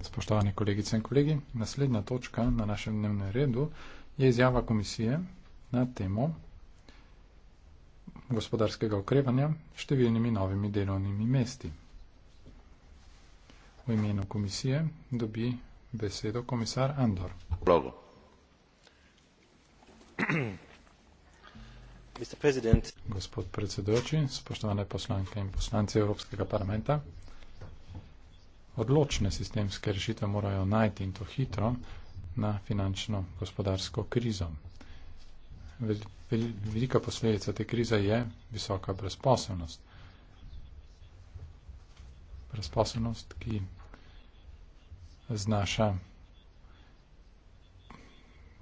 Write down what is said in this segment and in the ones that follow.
Spoštovane kolegice in kolegi, naslednja točka na našem dnevnem redu je izjava komisije na temo gospodarskega okrevanja s številnimi novimi delovnimi mesti. V imenu komisije dobi besedo komisar Andor. Blago. Gospod predsedujoči, spoštovane poslanke in poslanci Evropskega parlamenta. Odločne sistemske rešitve morajo najti in to hitro na finančno gospodarsko krizo. Vel, vel, velika posledica te krize je visoka brezposobnost. Brezposobnost, ki znaša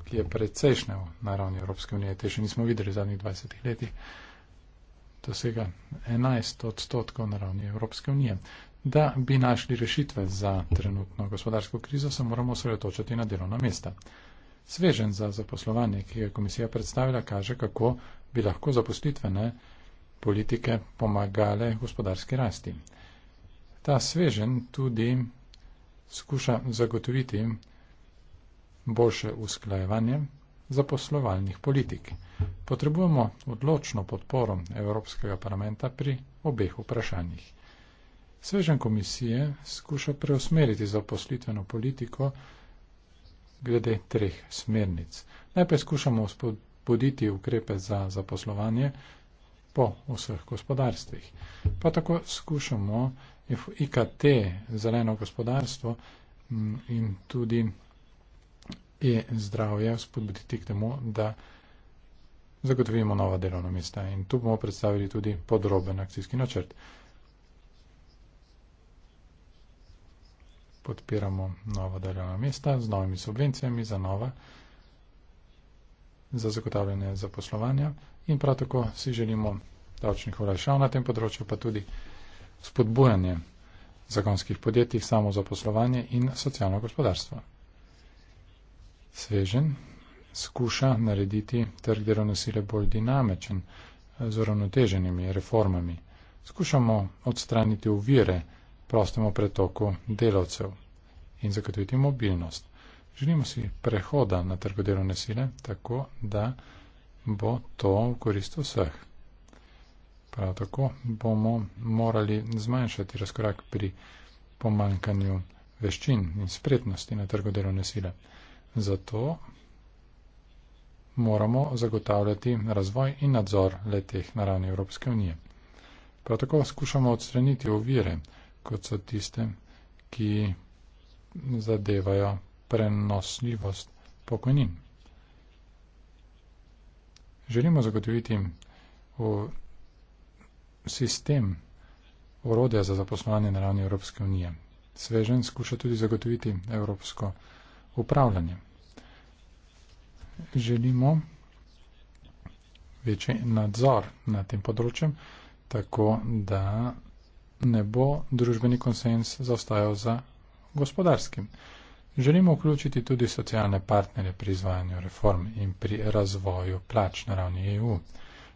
ki je precejšnja na ravni Evropske unije, te še nismo videli v zadnjih 20 letih, dosega 11 odstotkov na ravni Evropske unije. Da bi našli rešitve za trenutno gospodarsko krizo, se moramo osredotočiti na delovna mesta. Svežen za zaposlovanje, ki je komisija predstavila, kaže, kako bi lahko zaposlitvene politike pomagale gospodarski rasti. Ta svežen tudi skuša zagotoviti boljše usklajevanje zaposlovalnih politik. Potrebujemo odločno podporo Evropskega parlamenta pri obeh vprašanjih. Svežen komisije skuša preusmeriti zaposlitveno politiko glede treh smernic. Najprej skušamo spodbuditi ukrepe za zaposlovanje po vseh gospodarstvih. Pa tako skušamo IKT, zeleno gospodarstvo in tudi e-zdravja spodbuditi k temu, da zagotovimo nova delovna mesta. In tu bomo predstavili tudi podroben akcijski načrt. Podpiramo nova delovna mesta z novimi subvencijami za nova, za zagotavljanje zaposlovanja in prav tako si želimo davčnih olajšav na tem področju, pa tudi spodbujanje zakonskih podjetij, samo zaposlovanje in socialno gospodarstvo svežen, skuša narediti trg delovne sile bolj dinamičen z uravnoteženimi reformami. Skušamo odstraniti uvire prostemu pretoku delovcev in zagotoviti mobilnost. Želimo si prehoda na trgo delovne sile tako, da bo to v korist vseh. Prav tako bomo morali zmanjšati razkorak pri pomankanju veščin in spretnosti na trgo delovne sile. Zato moramo zagotavljati razvoj in nadzor leteh na ravni Evropske unije. Prav tako skušamo odstraniti ovire, kot so tiste, ki zadevajo prenosljivost pokojnin. Želimo zagotoviti sistem urodja za zaposlovanje na ravni Evropske unije. Svežen skuša tudi zagotoviti Evropsko unijo upravljanje. Želimo večji nadzor nad tem področjem, tako da ne bo družbeni konsens zaostajal za gospodarskim. Želimo vključiti tudi socialne partnerje pri izvajanju reform in pri razvoju plač na ravni EU.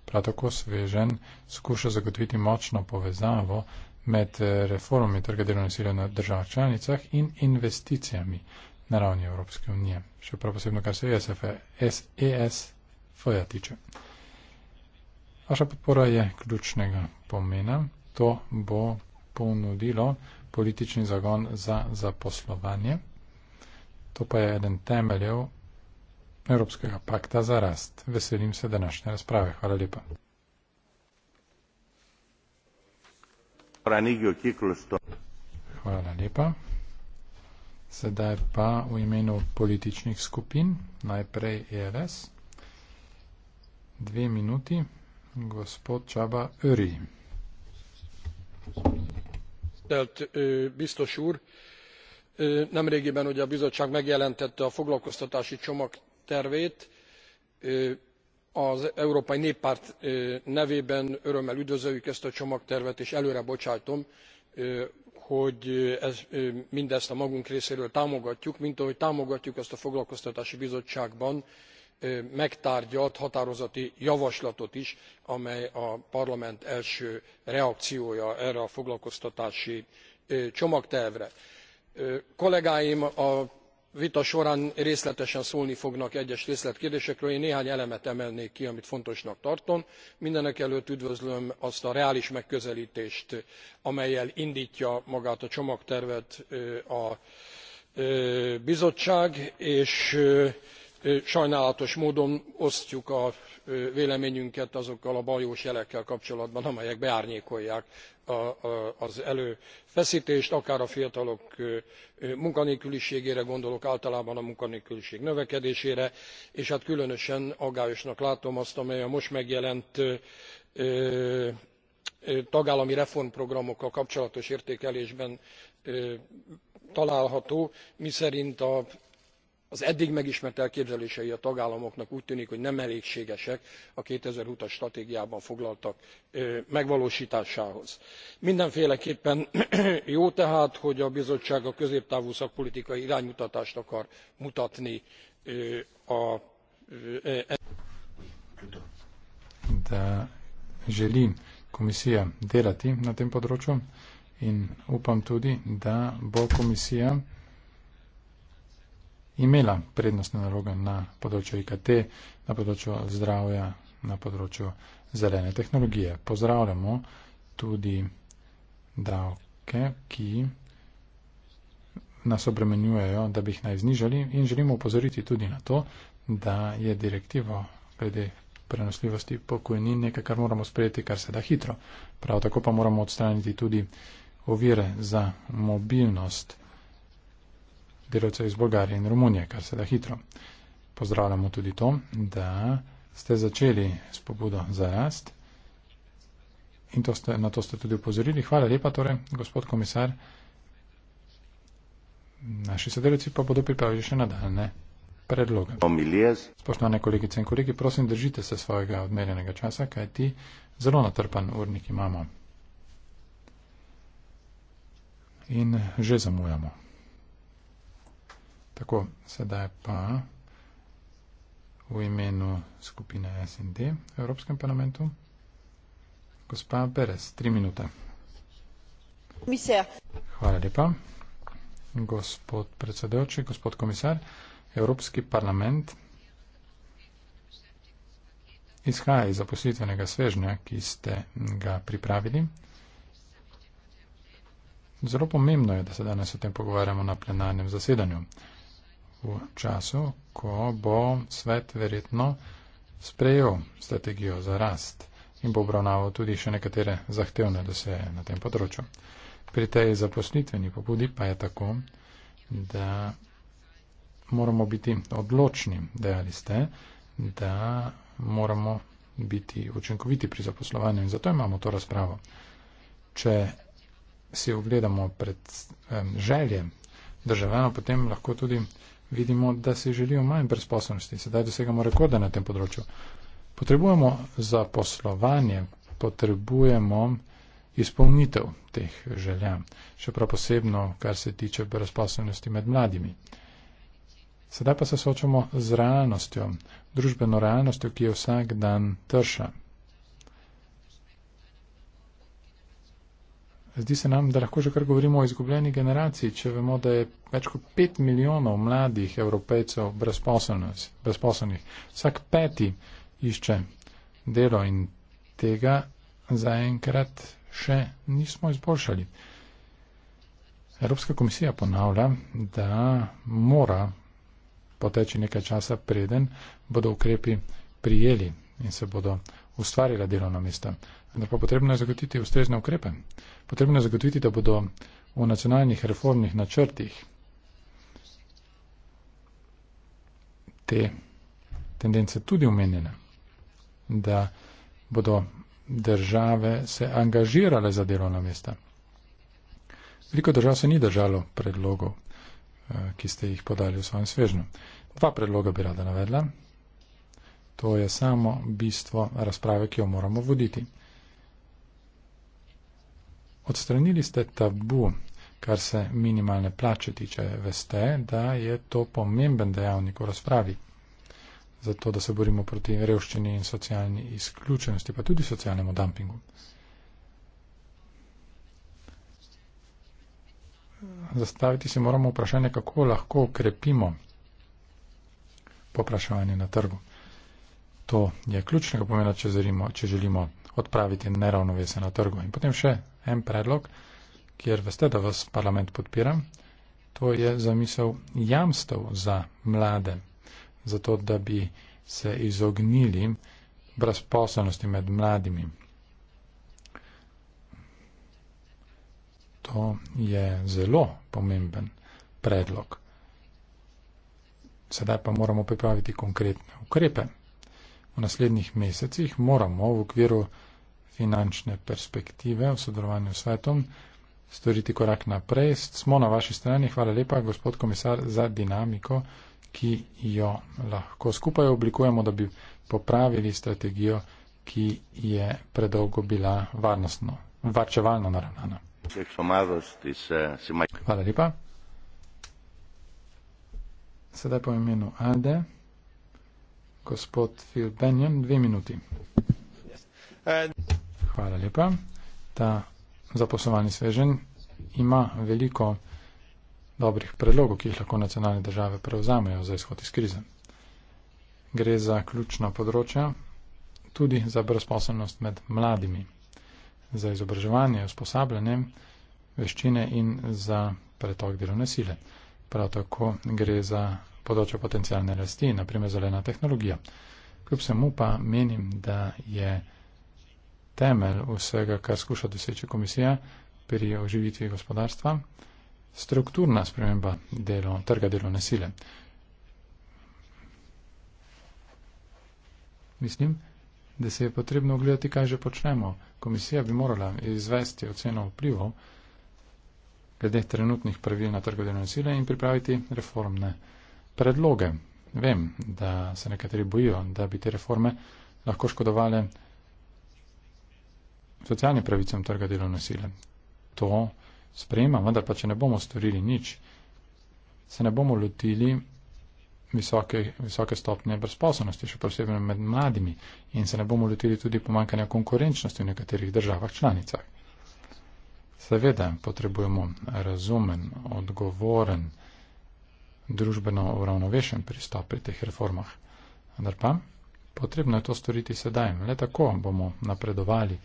Prav tako svežen skuša zagotoviti močno povezavo med eh, reformami trga delovne sile na državah članicah in investicijami, na ravni Evropske unije. Še prav posebno, kar se ESF-ja e tiče. Vaša podpora je ključnega pomena. To bo ponudilo politični zagon za zaposlovanje. To pa je eden temeljev Evropskega pakta za rast. Veselim se današnje razprave. Hvala lepa. Hvala lepa. Sedaj pa v imenu političnih skupin, najprej ERS. Dve minuti, gospod Čaba Öri. Telt biztos úr, nemrégiben ugye a bizottság megjelentette a foglalkoztatási csomag tervét, az Európai Néppárt nevében örömmel üdvözöljük ezt a csomagtervet, és előre bocsájtom, hogy ez, mindezt a magunk részéről támogatjuk, mint ahogy támogatjuk ezt a foglalkoztatási bizottságban megtárgyalt határozati javaslatot is, amely a parlament első reakciója erre a foglalkoztatási csomagtervre. kollégáim a vita során részletesen szólni fognak egyes részletkérdésekről én néhány elemet emelnék ki amit fontosnak tartok mindenekelőtt üdvözlöm azt a reális megközeltést amellyel indtja magát a csomagtervet a bizottság és sajnálatos módon osztjuk a véleményünket azokkal a baljós jelekkel kapcsolatban amelyek beárnyékolják az erőfesztést akár a fiatalok munkanélküliségére gondolok általában a munkanélküliség növekedésére és hát különösen aggályosnak látom azt amely a most megjelent tagállami reformprogramokkal kapcsolatos értékelésben található miszerint a az eddig megismert elképzelései a tagállamoknak úgy tűnik hogy nem elégségesek a two thousand and twenty as stratégiában foglaltak megvalóstásához. mindenféleképpen jó tehát hogy a bizottság a középtávú szakpolitikai iránymutatást akar mutatni e- imela prednostne naloge na področju IKT, na področju zdravja, na področju zelene tehnologije. Pozdravljamo tudi davke, ki nas obremenjujejo, da bi jih naj znižali in želimo upozoriti tudi na to, da je direktivo glede prenosljivosti pokojnin nekaj, kar moramo sprejeti, kar se da hitro. Prav tako pa moramo odstraniti tudi ovire za mobilnost delavcev iz Bolgarije in Romunije, kar se da hitro. Pozdravljamo tudi to, da ste začeli s pobudo za rast in to ste, na to ste tudi upozorili. Hvala lepa, torej, gospod komisar. Naši sodelavci pa bodo pripravili še nadaljne predloge. Spoštovane kolegice in kolegi, prosim, držite se svojega odmerjenega časa, kajti zelo natrpan urnik imamo. In že zamujamo. Tako, sedaj pa v imenu skupine SND v Evropskem parlamentu. Gospa Perez, tri minute. Komisar. Hvala lepa. Gospod predsedujoči, gospod komisar, Evropski parlament izhaja iz zaposlitvenega svežnja, ki ste ga pripravili. Zelo pomembno je, da se danes o tem pogovarjamo na plenarnem zasedanju v času, ko bo svet verjetno sprejel strategijo za rast in bo obravnaval tudi še nekatere zahtevne doseje na tem področju. Pri tej zaposlitveni pobudi pa je tako, da moramo biti odločni, dejali ste, da moramo biti učinkoviti pri zaposlovanju in zato imamo to razpravo. Če si ogledamo pred želje državljanov, potem lahko tudi vidimo, da si želijo manj brezposobnosti. Sedaj dosegamo rekorde na tem področju. Potrebujemo za poslovanje, potrebujemo izpolnitev teh želja, še prav posebno, kar se tiče brezposobnosti med mladimi. Sedaj pa se soočamo z realnostjo, družbeno realnostjo, ki je vsak dan trša. Zdi se nam, da lahko že kar govorimo o izgubljeni generaciji, če vemo, da je več kot pet milijonov mladih evropejcev brezposelnih. Vsak peti išče delo in tega zaenkrat še nismo izboljšali. Evropska komisija ponavlja, da mora poteči nekaj časa preden bodo ukrepi prijeli in se bodo ustvarila delovna mesta. Ampak potrebno je zagotoviti ustrezne ukrepe. Potrebno je zagotoviti, da bodo v nacionalnih reformnih načrtih te tendence tudi umenjene. Da bodo države se angažirale za delovna mesta. Veliko držav se ni držalo predlogov, eh, ki ste jih podali v svojem svežnju. Dva predloga bi rada navedla. To je samo bistvo razprave, ki jo moramo voditi. Odstranili ste tabu, kar se minimalne plače tiče. Veste, da je to pomemben dejavnik v razpravi. Zato, da se borimo proti revščini in socialni izključenosti, pa tudi socialnemu dumpingu. Zastaviti si moramo vprašanje, kako lahko ukrepimo popraševanje na trgu. To je ključnega pomena, če, zarimo, če želimo odpraviti neravnovesje na trgu. In potem še en predlog, kjer veste, da vas parlament podpira. To je zamisel jamstev za mlade, zato da bi se izognili brezposelnosti med mladimi. To je zelo pomemben predlog. Sedaj pa moramo pripraviti konkretne ukrepe naslednjih mesecih moramo v okviru finančne perspektive v sodelovanju s svetom storiti korak naprej. Smo na vaši strani. Hvala lepa, gospod komisar, za dinamiko, ki jo lahko skupaj oblikujemo, da bi popravili strategijo, ki je predolgo bila varnostno, varčevalno naravnana. Hvala lepa. Sedaj po imenu Ade. Gospod Phil Benjamin, dve minuti. Hvala lepa. Ta zaposlovalni svežen ima veliko dobrih predlogov, ki jih lahko nacionalne države prevzamejo za izhod iz krize. Gre za ključna področja, tudi za brezposobnost med mladimi, za izobraževanje, usposabljanje, veščine in za pretok delovne sile. Prav tako gre za področju potencijalne rasti, naprimer zelena tehnologija. Kljub vsemu pa menim, da je temelj vsega, kar skuša doseči komisija pri oživitvi gospodarstva, strukturna sprememba delo, trga delovne sile. Mislim, da se je potrebno ogledati, kaj že počnemo. Komisija bi morala izvesti oceno vplivov glede trenutnih pravil na trgodelovne sile in pripraviti reformne predloge. Vem, da se nekateri bojijo, da bi te reforme lahko škodovale socialnim pravicam trga delovne sile. To sprejemam, vendar pa če ne bomo storili nič, se ne bomo lotili visoke, visoke stopnje brezposobnosti, še posebej med mladimi, in se ne bomo lotili tudi pomankanja konkurenčnosti v nekaterih državah članicah. Seveda potrebujemo razumen, odgovoren, družbeno uravnovešen pristop pri teh reformah. Vendar pa potrebno je to storiti sedaj. Le tako bomo napredovali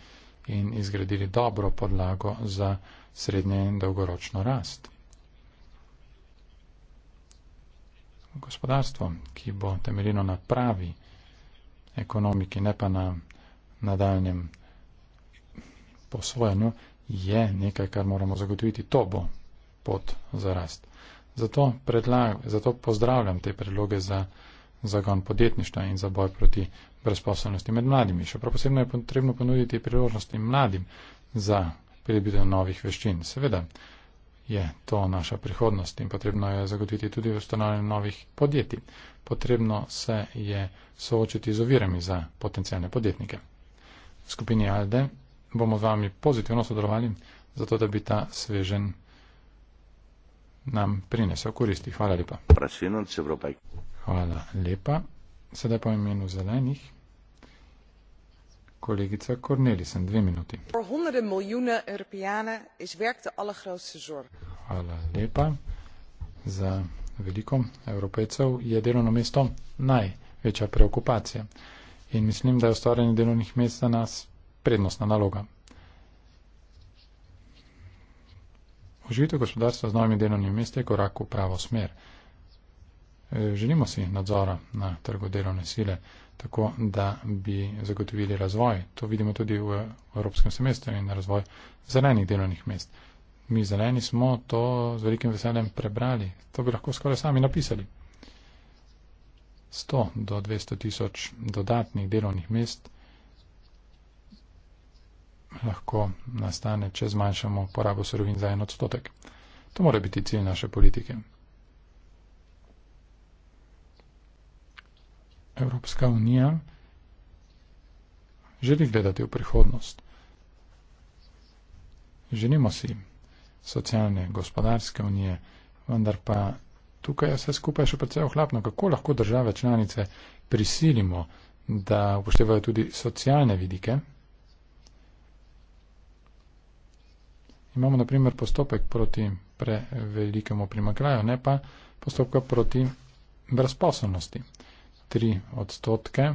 in izgradili dobro podlago za srednje in dolgoročno rast. Gospodarstvo, ki bo temeljino na pravi ekonomiki, ne pa na nadaljem posvojenju, je nekaj, kar moramo zagotoviti. To bo pot za rast. Zato, predlag, zato pozdravljam te predloge za zagon podjetništva in za boj proti brezposobnosti med mladimi. Še prav posebno je potrebno ponuditi priložnosti mladim za pridobitev novih veščin. Seveda je to naša prihodnost in potrebno je zagotoviti tudi ustanovljanje novih podjetij. Potrebno se je soočiti z ovirami za potencijalne podjetnike. V skupini ALDE bomo z vami pozitivno sodelovali, zato da bi ta svežen nam prinesel koristi. Hvala lepa. Hvala lepa. Sedaj pa imenu zelenih. Kolegica Kornelisen, dve minuti. Hvala lepa. Za veliko evropejcev je delovno mesto največja preokupacija. In mislim, da je ustvarjanje delovnih mest za nas prednostna naloga. Užitek gospodarstva z novimi delovnimi mesti je korak v pravo smer. E, želimo si nadzora na trgu delovne sile, tako da bi zagotovili razvoj. To vidimo tudi v Evropskem semestru in razvoj zelenih delovnih mest. Mi zeleni smo to z velikim veseljem prebrali. To bi lahko skoraj sami napisali. 100 do 200 tisoč dodatnih delovnih mest lahko nastane, če zmanjšamo porabo surovin za en odstotek. To mora biti cilj naše politike. Evropska unija želi gledati v prihodnost. Želimo si socialne, gospodarske unije, vendar pa tukaj je vse skupaj še precej ohlapno, kako lahko države članice prisilimo, da upoštevajo tudi socialne vidike Imamo naprimer postopek proti prevelikemu primakljaju, ne pa postopka proti brezposobnosti. 3 odstotke,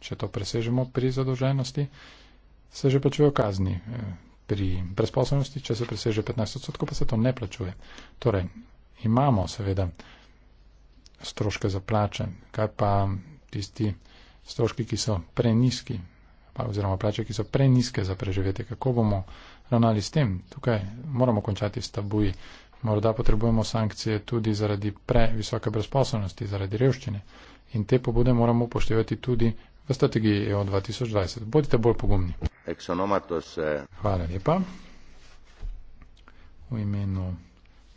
če to presežemo pri zadolženosti, se že plačujejo kazni. Eh, pri brezposobnosti, če se preseže 15 odstotkov, pa se to ne plačuje. Torej, imamo seveda stroške za plače, kaj pa tisti stroški, ki so preniski, oziroma plače, ki so preniske za preživetje, kako bomo ravnali no, no, s tem. Tukaj moramo končati s tabuji. Morda potrebujemo sankcije tudi zaradi previsoke brezposobnosti, zaradi revščine. In te pobude moramo upoštevati tudi v strategiji EU 2020. Bodite bolj pogumni. Eh. Hvala lepa. V imenu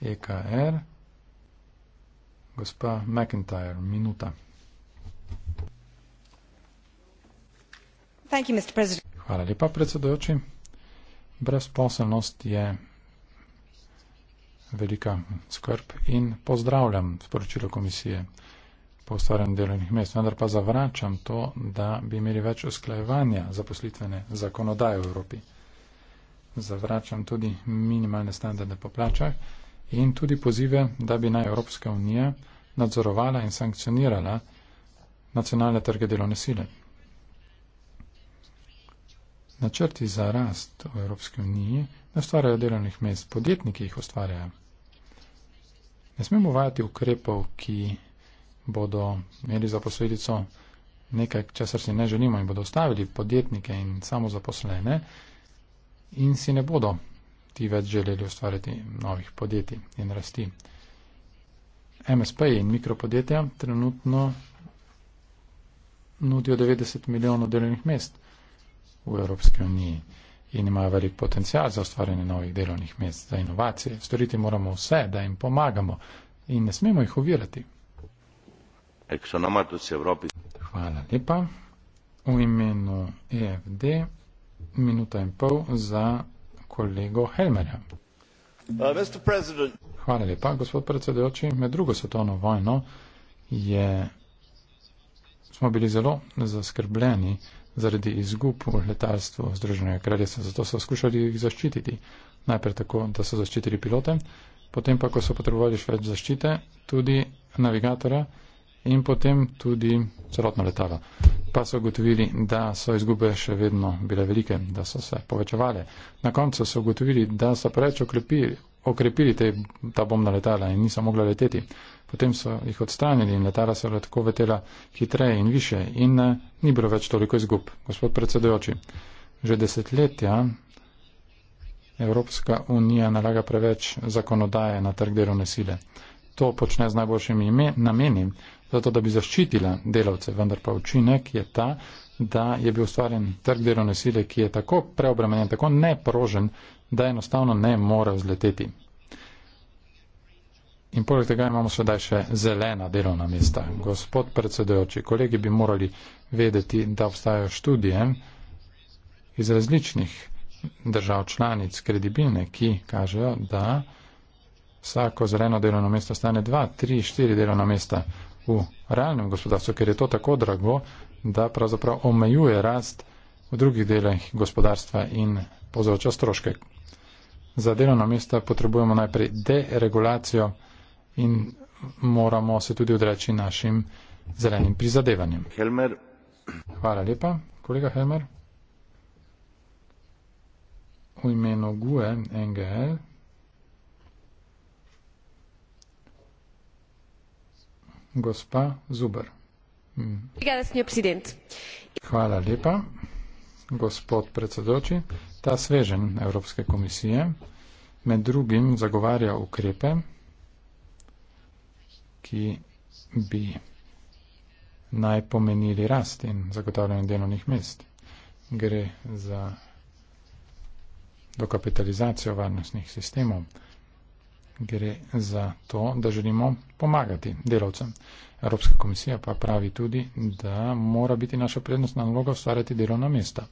EKR. Gospa McIntyre, minuta. Hvala lepa, predsedujoči brezposelnost je velika skrb in pozdravljam sporočilo komisije po ustvarjanju delovnih mest, vendar pa zavračam to, da bi imeli več usklajevanja zaposlitvene zakonodaje v Evropi. Zavračam tudi minimalne standarde po plačah in tudi pozive, da bi naj Evropska unija nadzorovala in sankcionirala nacionalne trge delovne sile načrti za rast v Evropski uniji ne ustvarjajo delovnih mest, podjetniki jih ustvarjajo. Ne smemo vajati ukrepov, ki bodo imeli za posledico nekaj, česar si ne želimo in bodo ustavili podjetnike in samozaposlene in si ne bodo ti več želeli ustvariti novih podjetij in rasti. MSP in mikropodjetja trenutno nudijo 90 milijonov delovnih mest v Evropski uniji in imajo velik potencial za ustvarjanje novih delovnih mest, za inovacije. Storiti moramo vse, da jim pomagamo in ne smemo jih ovirati. Hvala lepa. V imenu EFD minuta in pol za kolego Helmerja. Uh, Hvala lepa, gospod predsedujoči. Med drugo svetovno vojno je, smo bili zelo zaskrbljeni zaradi izgub v letalstvu Združenega kraljestva. Zato so skušali jih zaščititi. Najprej tako, da so zaščitili pilote, potem pa, ko so potrebovali še več zaščite, tudi navigatora in potem tudi celotno letalo. Pa so ugotovili, da so izgube še vedno bile velike, da so se povečevale. Na koncu so ugotovili, da so preveč okrepili, okrepili te, ta bombna letala in niso mogla leteti potem so jih odstranili in letala so lahko vetela hitreje in više in ne, eh, ni bilo več toliko izgub. Gospod predsedujoči, že desetletja Evropska unija nalaga preveč zakonodaje na trg delovne sile. To počne z najboljšimi nameni, zato da bi zaščitila delavce, vendar pa učinek je ta, da je bil ustvarjen trg delovne sile, ki je tako preobremenjen, tako neprožen, da enostavno ne more vzleteti. In poleg tega imamo sedaj še zelena delovna mesta. Gospod predsedojoči, kolegi bi morali vedeti, da obstajajo študije iz različnih držav članic, kredibilne, ki kažejo, da vsako zeleno delovno mesto stane 2, 3, 4 delovna mesta v realnem gospodarstvu, ker je to tako drago, da pravzaprav omejuje rast v drugih delih gospodarstva in povzroča stroške. Za delovna mesta potrebujemo najprej deregulacijo, in moramo se tudi odreči našim zelenim prizadevanjem. Helmer. Hvala lepa, kolega Helmer. V imenu GUE NGL. Gospa Zuber. Hvala lepa, gospod predsedoči. Ta svežen Evropske komisije med drugim zagovarja ukrepe, ki bi naj pomenili rast in zagotavljanje delovnih mest. Gre za dokapitalizacijo varnostnih sistemov. Gre za to, da želimo pomagati delovcem. Evropska komisija pa pravi tudi, da mora biti naša prednostna naloga ustvarjati delovna mesta.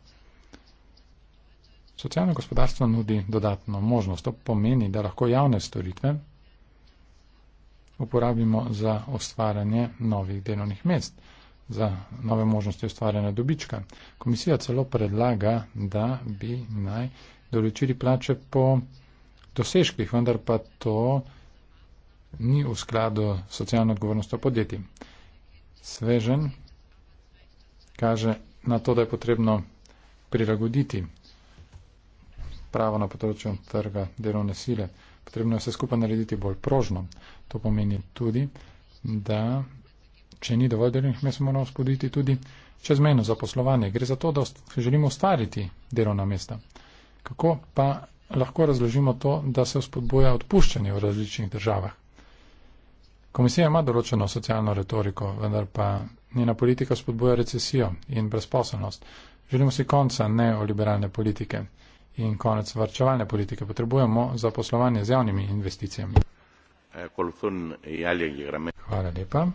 Socialno gospodarstvo nudi dodatno možnost. To pomeni, da lahko javne storitve uporabimo za ustvarjanje novih delovnih mest, za nove možnosti ustvarjanja dobička. Komisija celo predlaga, da bi naj določili plače po dosežkih, vendar pa to ni v skladu s socialno odgovornostjo podjetij. Svežen kaže na to, da je potrebno prilagoditi pravo na področju trga delovne sile potrebno je vse skupaj narediti bolj prožno. To pomeni tudi, da če ni dovolj delovnih mest, moramo spoditi tudi čezmeno zaposlovanje. Gre za to, da želimo ustvariti delovna mesta. Kako pa lahko razložimo to, da se vzpodboja odpuščanje v različnih državah? Komisija ima določeno socialno retoriko, vendar pa njena politika spodbuja recesijo in brezposobnost. Želimo si konca neoliberalne politike in konec varčevalne politike potrebujemo za poslovanje z javnimi investicijami. Eh, e Hvala lepa.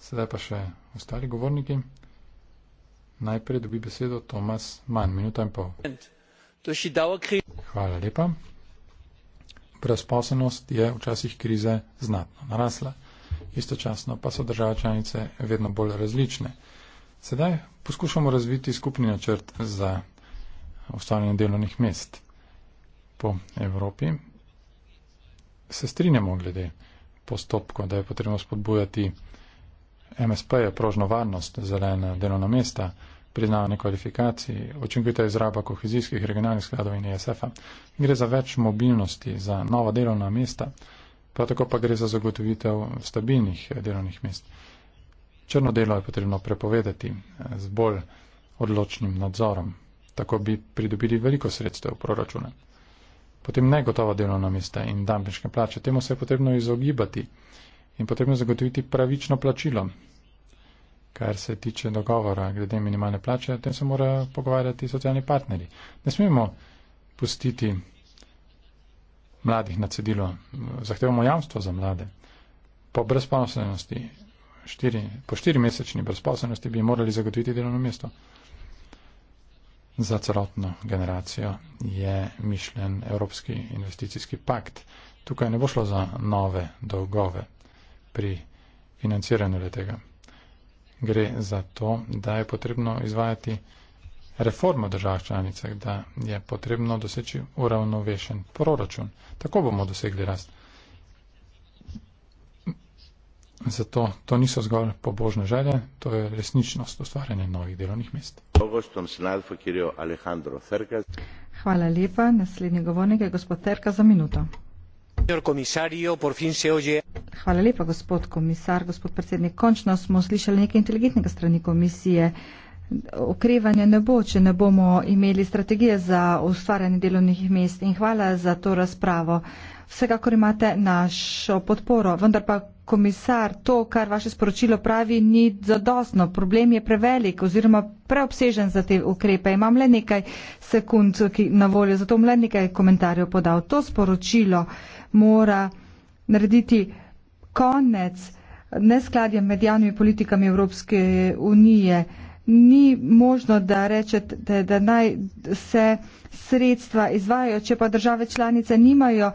Sedaj pa še ostali govorniki. Najprej dobi besedo Tomas Mann, minuta in pol. Hvala lepa. Brezposobnost je včasih krize znatno narasla, istočasno pa so države članice vedno bolj različne. Sedaj poskušamo razviti skupni načrt za ostalih delovnih mest po Evropi. Se strinjamo glede postopka, da je potrebno spodbujati MSP-je, prožno varnost, zelena delovna mesta, priznavanje kvalifikacij, učinkovita izraba kohezijskih regionalnih skladov in ESF-a. Gre za več mobilnosti, za nova delovna mesta, prav tako pa gre za zagotovitev stabilnih delovnih mest. Črno delo je potrebno prepovedati z bolj odločnim nadzorom tako bi pridobili veliko sredstev v proračune. Potem negotova delovna mesta in dampeške plače, temu se je potrebno izogibati in potrebno zagotoviti pravično plačilo. Kar se tiče dogovora glede minimalne plače, o tem se morajo pogovarjati socialni partneri. Ne smemo pustiti mladih na cedilo, zahtevamo jamstvo za mlade. Po brezposobnosti, po štirimesečni brezposobnosti bi morali zagotoviti delovno mesto za celotno generacijo je mišljen Evropski investicijski pakt. Tukaj ne bo šlo za nove dolgove pri financiranju letega. Gre za to, da je potrebno izvajati reformo držav članicah, da je potrebno doseči uravnovešen proračun. Tako bomo dosegli rast. Zato to niso zgolj pobožne želje, to je resničnost ustvarjanja novih delovnih mest. Hvala lepa. Naslednji govornik je gospod Terka za minuto. Hvala lepa, gospod komisar, gospod predsednik. Končno smo slišali nekaj inteligentnega strani komisije. Okrevanje ne bo, če ne bomo imeli strategije za ustvarjanje delovnih mest. In hvala za to razpravo. Vsekakor imate našo podporo, vendar pa komisar, to, kar vaše sporočilo pravi, ni zadostno. Problem je prevelik oziroma preobsežen za te ukrepe. Imam le nekaj sekund na voljo, zato bom le nekaj komentarjev podal. To sporočilo mora narediti konec neskladja med javnimi politikami Evropske unije. Ni možno, da rečete, da naj se sredstva izvajajo, če pa države članice nimajo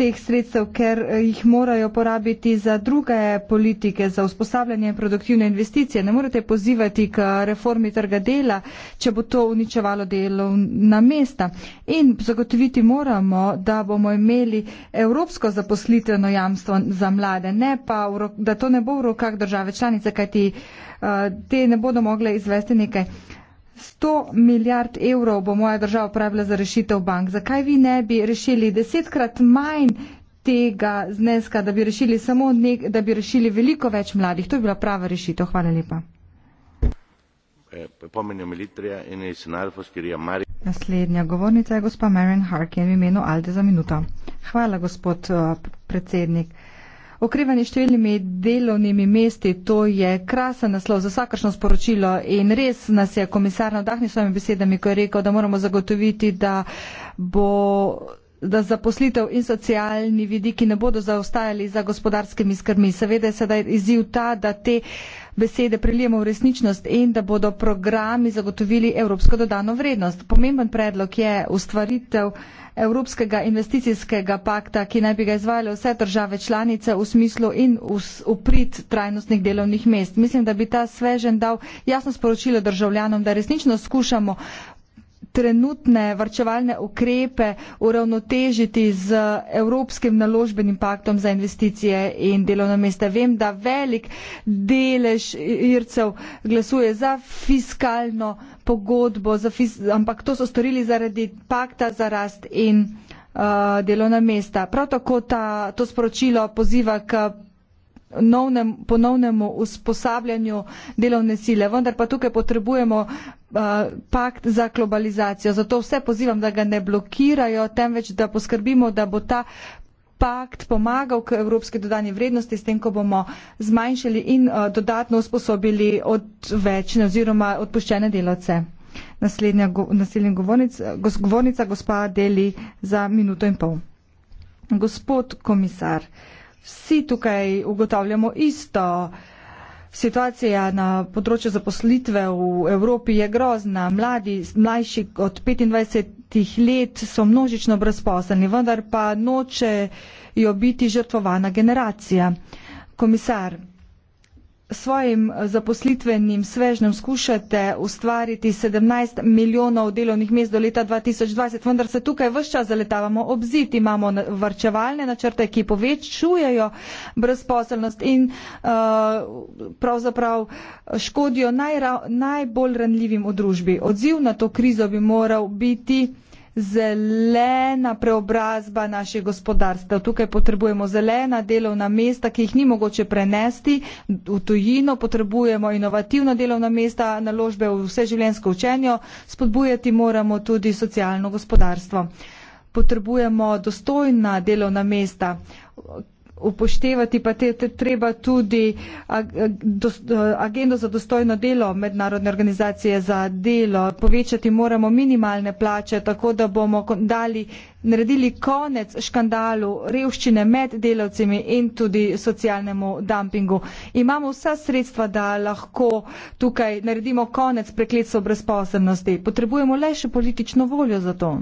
teh sredstev, ker eh, jih morajo porabiti za druge politike, za usposabljanje in produktivne investicije. Ne morete pozivati k reformi trga dela, če bo to uničevalo delovna mesta. In zagotoviti moramo, da bomo imeli evropsko zaposlitveno jamstvo za mlade, ne pa, da to ne bo v rokah države članice, kajti eh, te ne bodo mogle izvesti nekaj. 100 milijard evrov bo moja država pravila za rešitev bank. Zakaj vi ne bi rešili desetkrat manj tega zneska, da bi rešili, samo nek, da bi rešili veliko več mladih? To bi bila prava rešitev. Hvala lepa. Eh, Naslednja govornica je gospa Marion Harkin v imenu Alde za minuto. Hvala, gospod eh, predsednik. Okrevanje številnimi delovnimi mesti, to je krasen naslov za vsakršno sporočilo in res nas je komisar nadahnil svojimi besedami, ko je rekel, da moramo zagotoviti, da bo da zaposlitev in socialni vidiki ne bodo zaostajali za gospodarskimi skrbmi. Seveda je sedaj izziv ta, da te besede prelijemo v resničnost in da bodo programi zagotovili evropsko dodano vrednost. Pomemben predlog je ustvaritev Evropskega investicijskega pakta, ki naj bi ga izvajale vse države članice v smislu in uprit trajnostnih delovnih mest. Mislim, da bi ta svežen dal jasno sporočilo državljanom, da resnično skušamo trenutne varčevalne ukrepe uravnotežiti z Evropskim naložbenim paktom za investicije in delovna mesta. Vem, da velik delež ircev glasuje za fiskalno pogodbo, za fis ampak to so storili zaradi pakta za rast in uh, delovna mesta. Prav tako ta, to sporočilo poziva k novnem, ponovnemu usposabljanju delovne sile. Vendar pa tukaj potrebujemo eh, pakt za globalizacijo. Zato vse pozivam, da ga ne blokirajo, temveč da poskrbimo, da bo ta pakt pomagal k evropski dodani vrednosti s tem, ko bomo zmanjšali in eh, dodatno usposobili odvečne oziroma odpuščene delavce. Naslednja, go, naslednja govornica, gos, govornica gospa deli za minuto in pol. Gospod komisar vsi tukaj ugotavljamo isto. Situacija na področju zaposlitve v Evropi je grozna. Mladi, mlajši od 25 let so množično brezposelni, vendar pa noče jo biti žrtvovana generacija. Komisar, svojim eh, zaposlitvenim svežnjem skušate ustvariti 17 milijonov delovnih mest do leta 2020, vendar se tukaj vse čas zaletavamo ob zid, imamo vrčevalne načrte, ki povečujejo brezposelnost in uh, pravzaprav škodijo najbolj ranljivim v družbi. Odziv na to krizo bi moral biti zelena preobrazba naših gospodarstv. Tukaj potrebujemo zelena delovna mesta, ki jih ni mogoče prenesti v tujino, potrebujemo inovativna delovna mesta, naložbe v vseživljenjsko učenje, spodbujati moramo tudi socialno gospodarstvo. Potrebujemo dostojna delovna mesta, upoštevati pa te, te treba tudi ag, dos, eh, agendo za dostojno delo mednarodne organizacije za delo. Povečati moramo minimalne plače, tako da bomo dali, naredili konec škandalu revščine med delavcimi in tudi socialnemu dumpingu. Imamo vsa sredstva, da lahko tukaj naredimo konec prekletstva brezposobnosti. Potrebujemo le še politično voljo za to.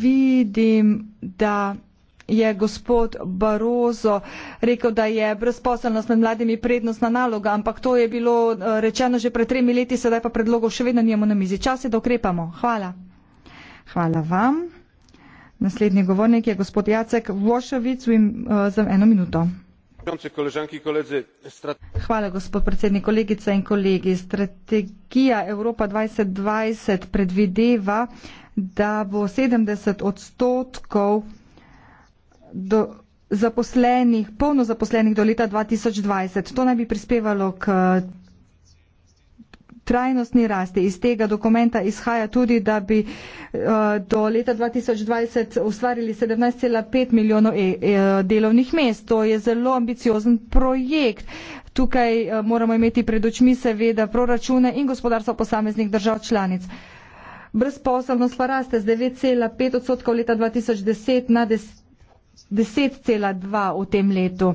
vidim, da je gospod Barozo rekel, da je brezposelnost med mladimi prednostna naloga, ampak to je bilo eh, rečeno že pred tremi leti, sedaj pa predlogov še vedno nijemo na mizi. Čas je, da ukrepamo. Hvala. Hvala vam. Naslednji govornik je gospod Jacek Vošovic uh, za eno minuto. Hvala, gospod predsednik, kolegice in kolegi. Strategija Evropa 2020 predvideva da bo 70 odstotkov do zaposlenih, polno zaposlenih do leta 2020. To naj bi prispevalo k trajnostni rasti. Iz tega dokumenta izhaja tudi, da bi eh, do leta 2020 ustvarili 17,5 milijonov eh, eh, delovnih mest. To je zelo ambiciozen projekt. Tukaj moramo imeti pred očmi seveda proračune in gospodarstvo posameznih držav članic. Brezposelnost pa raste z 9,5 odstotka v leta 2010 na 10,2 v tem letu.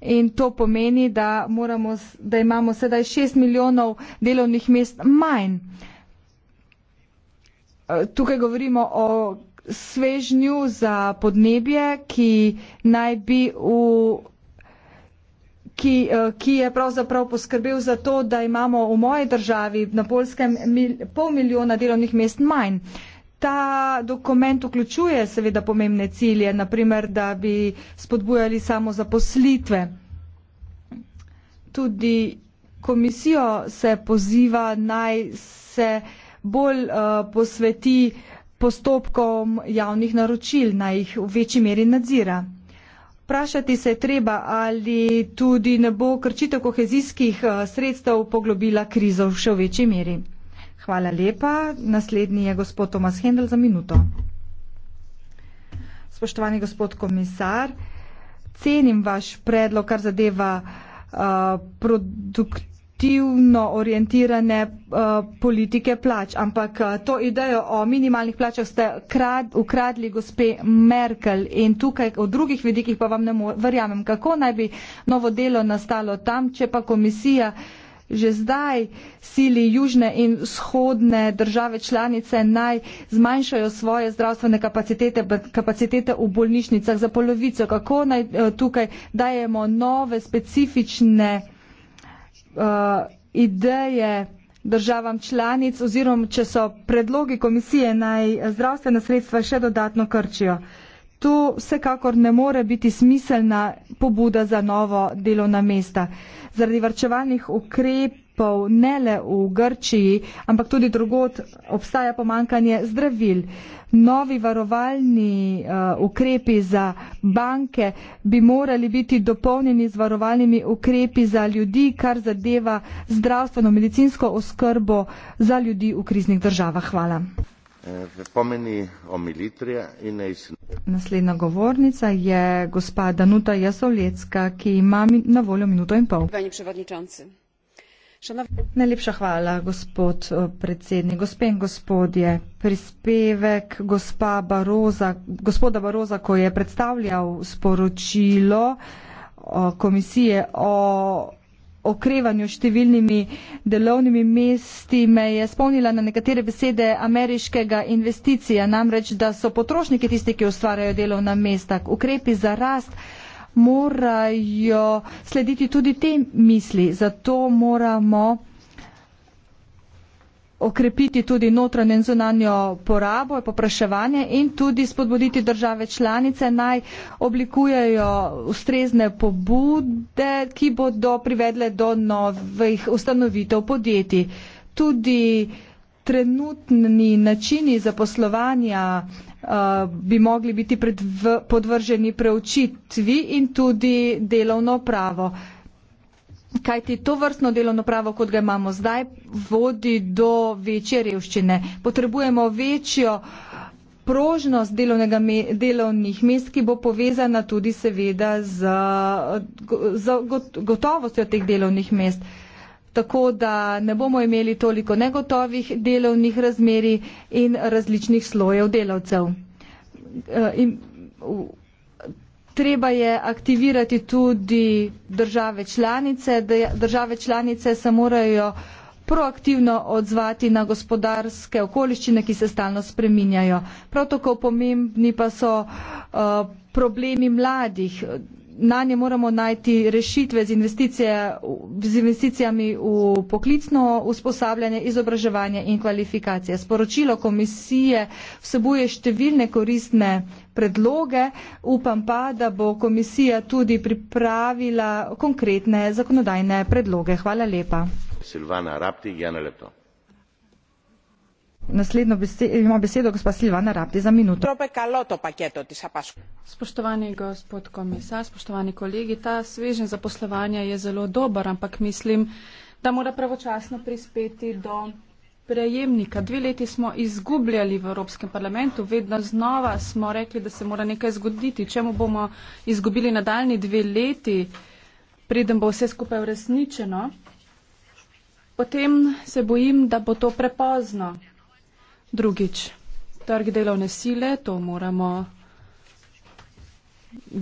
In to pomeni, da, moramo, da imamo sedaj 6 milijonov delovnih mest manj. Tukaj govorimo o svežnju za podnebje, ki naj bi v ki, eh, ki je pravzaprav poskrbel za to, da imamo v moji državi na polskem mil, pol milijona delovnih mest manj. Ta dokument vključuje seveda pomembne cilje, naprimer, da bi spodbujali samo zaposlitve. Tudi komisijo se poziva naj se bolj uh, posveti postopkom javnih naročil, naj jih v večji meri nadzira. Vprašati se je treba, ali tudi ne bo krčitev kohezijskih eh, sredstev poglobila krizo v še večji meri. Hvala lepa. Naslednji je gospod Tomas Hendel za minuto. Spoštovani gospod komisar, cenim vaš predlog, kar zadeva uh, eh, produktivnost kolektivno orientirane uh, politike plač. Ampak uh, to idejo o minimalnih plačah ste krad, ukradli gospe Merkel in tukaj o drugih vidikih pa vam ne verjamem, kako naj bi novo delo nastalo tam, če pa komisija že zdaj sili južne in vzhodne države članice naj zmanjšajo svoje zdravstvene kapacitete, kapacitete v bolnišnicah za polovico. Kako naj uh, tukaj dajemo nove specifične uh, ideje državam članic oziroma če so predlogi komisije naj zdravstvene sredstva še dodatno krčijo. To vsekakor ne more biti smiselna pobuda za novo delovna mesta. Zaradi varčevalnih ukrepov ukrepov, ne le v Grčiji, ampak tudi drugot obstaja pomankanje zdravil. Novi varovalni uh, ukrepi za banke bi morali biti dopolnjeni z varovalnimi ukrepi za ljudi, kar zadeva zdravstveno-medicinsko oskrbo za ljudi v kriznih državah. Hvala. Eh, Naslednja govornica je gospa Danuta Jasovlecka, ki ima na voljo minuto in pol. Najlepša hvala, gospod eh, predsednik. Gospe in gospodje, prispevek Baroza, gospoda Baroza, ko je predstavljal sporočilo eh, komisije o okrevanju številnimi delovnimi mesti, me je spomnila na nekatere besede ameriškega investicija, namreč, da so potrošniki tisti, ki ustvarjajo delovna mesta. Ukrepi za rast morajo slediti tudi te misli. Zato moramo okrepiti tudi notranjo in zunanjo porabo in popraševanje in tudi spodbuditi države članice naj oblikujejo ustrezne pobude, ki bodo privedle do novih ustanovitev podjetij. Tudi trenutni načini zaposlovanja Eh, bi mogli biti predv, podvrženi preučitvi in tudi delovno pravo. Kajti to vrstno delovno pravo, kot ga imamo zdaj, vodi do večje revščine. Potrebujemo večjo prožnost me, delovnih mest, ki bo povezana tudi seveda z, z got, gotovostjo teh delovnih mest. Uh, tako da ne bomo imeli toliko negotovih delovnih razmeri in različnih slojev delavcev. E, in treba je aktivirati tudi države članice. Države članice se morajo proaktivno odzvati na gospodarske okoliščine, ki se stalno spreminjajo. Prav tako pomembni pa so uh, problemi mladih, na nje moramo najti rešitve z, z investicijami v poklicno usposabljanje, izobraževanje in kvalifikacije. Sporočilo komisije vsebuje številne koristne predloge, upam pa, da bo komisija tudi pripravila konkretne zakonodajne predloge. Hvala lepa. Silvana Rapti, Jana Lepto. Naslednjo besed, ima besedo gospa Silvana Rapti za minuto. Spoštovani gospod komisar, spoštovani kolegi, ta svežen zaposlovanja je zelo dober, ampak mislim, da mora pravočasno prispeti do prejemnika. Dve leti smo izgubljali v Evropskem parlamentu, vedno znova smo rekli, da se mora nekaj zgoditi. Čemu bomo izgubili nadaljni dve leti, preden bo vse skupaj uresničeno, potem se bojim, da bo to prepozno. Drugič, trg delovne sile, to moramo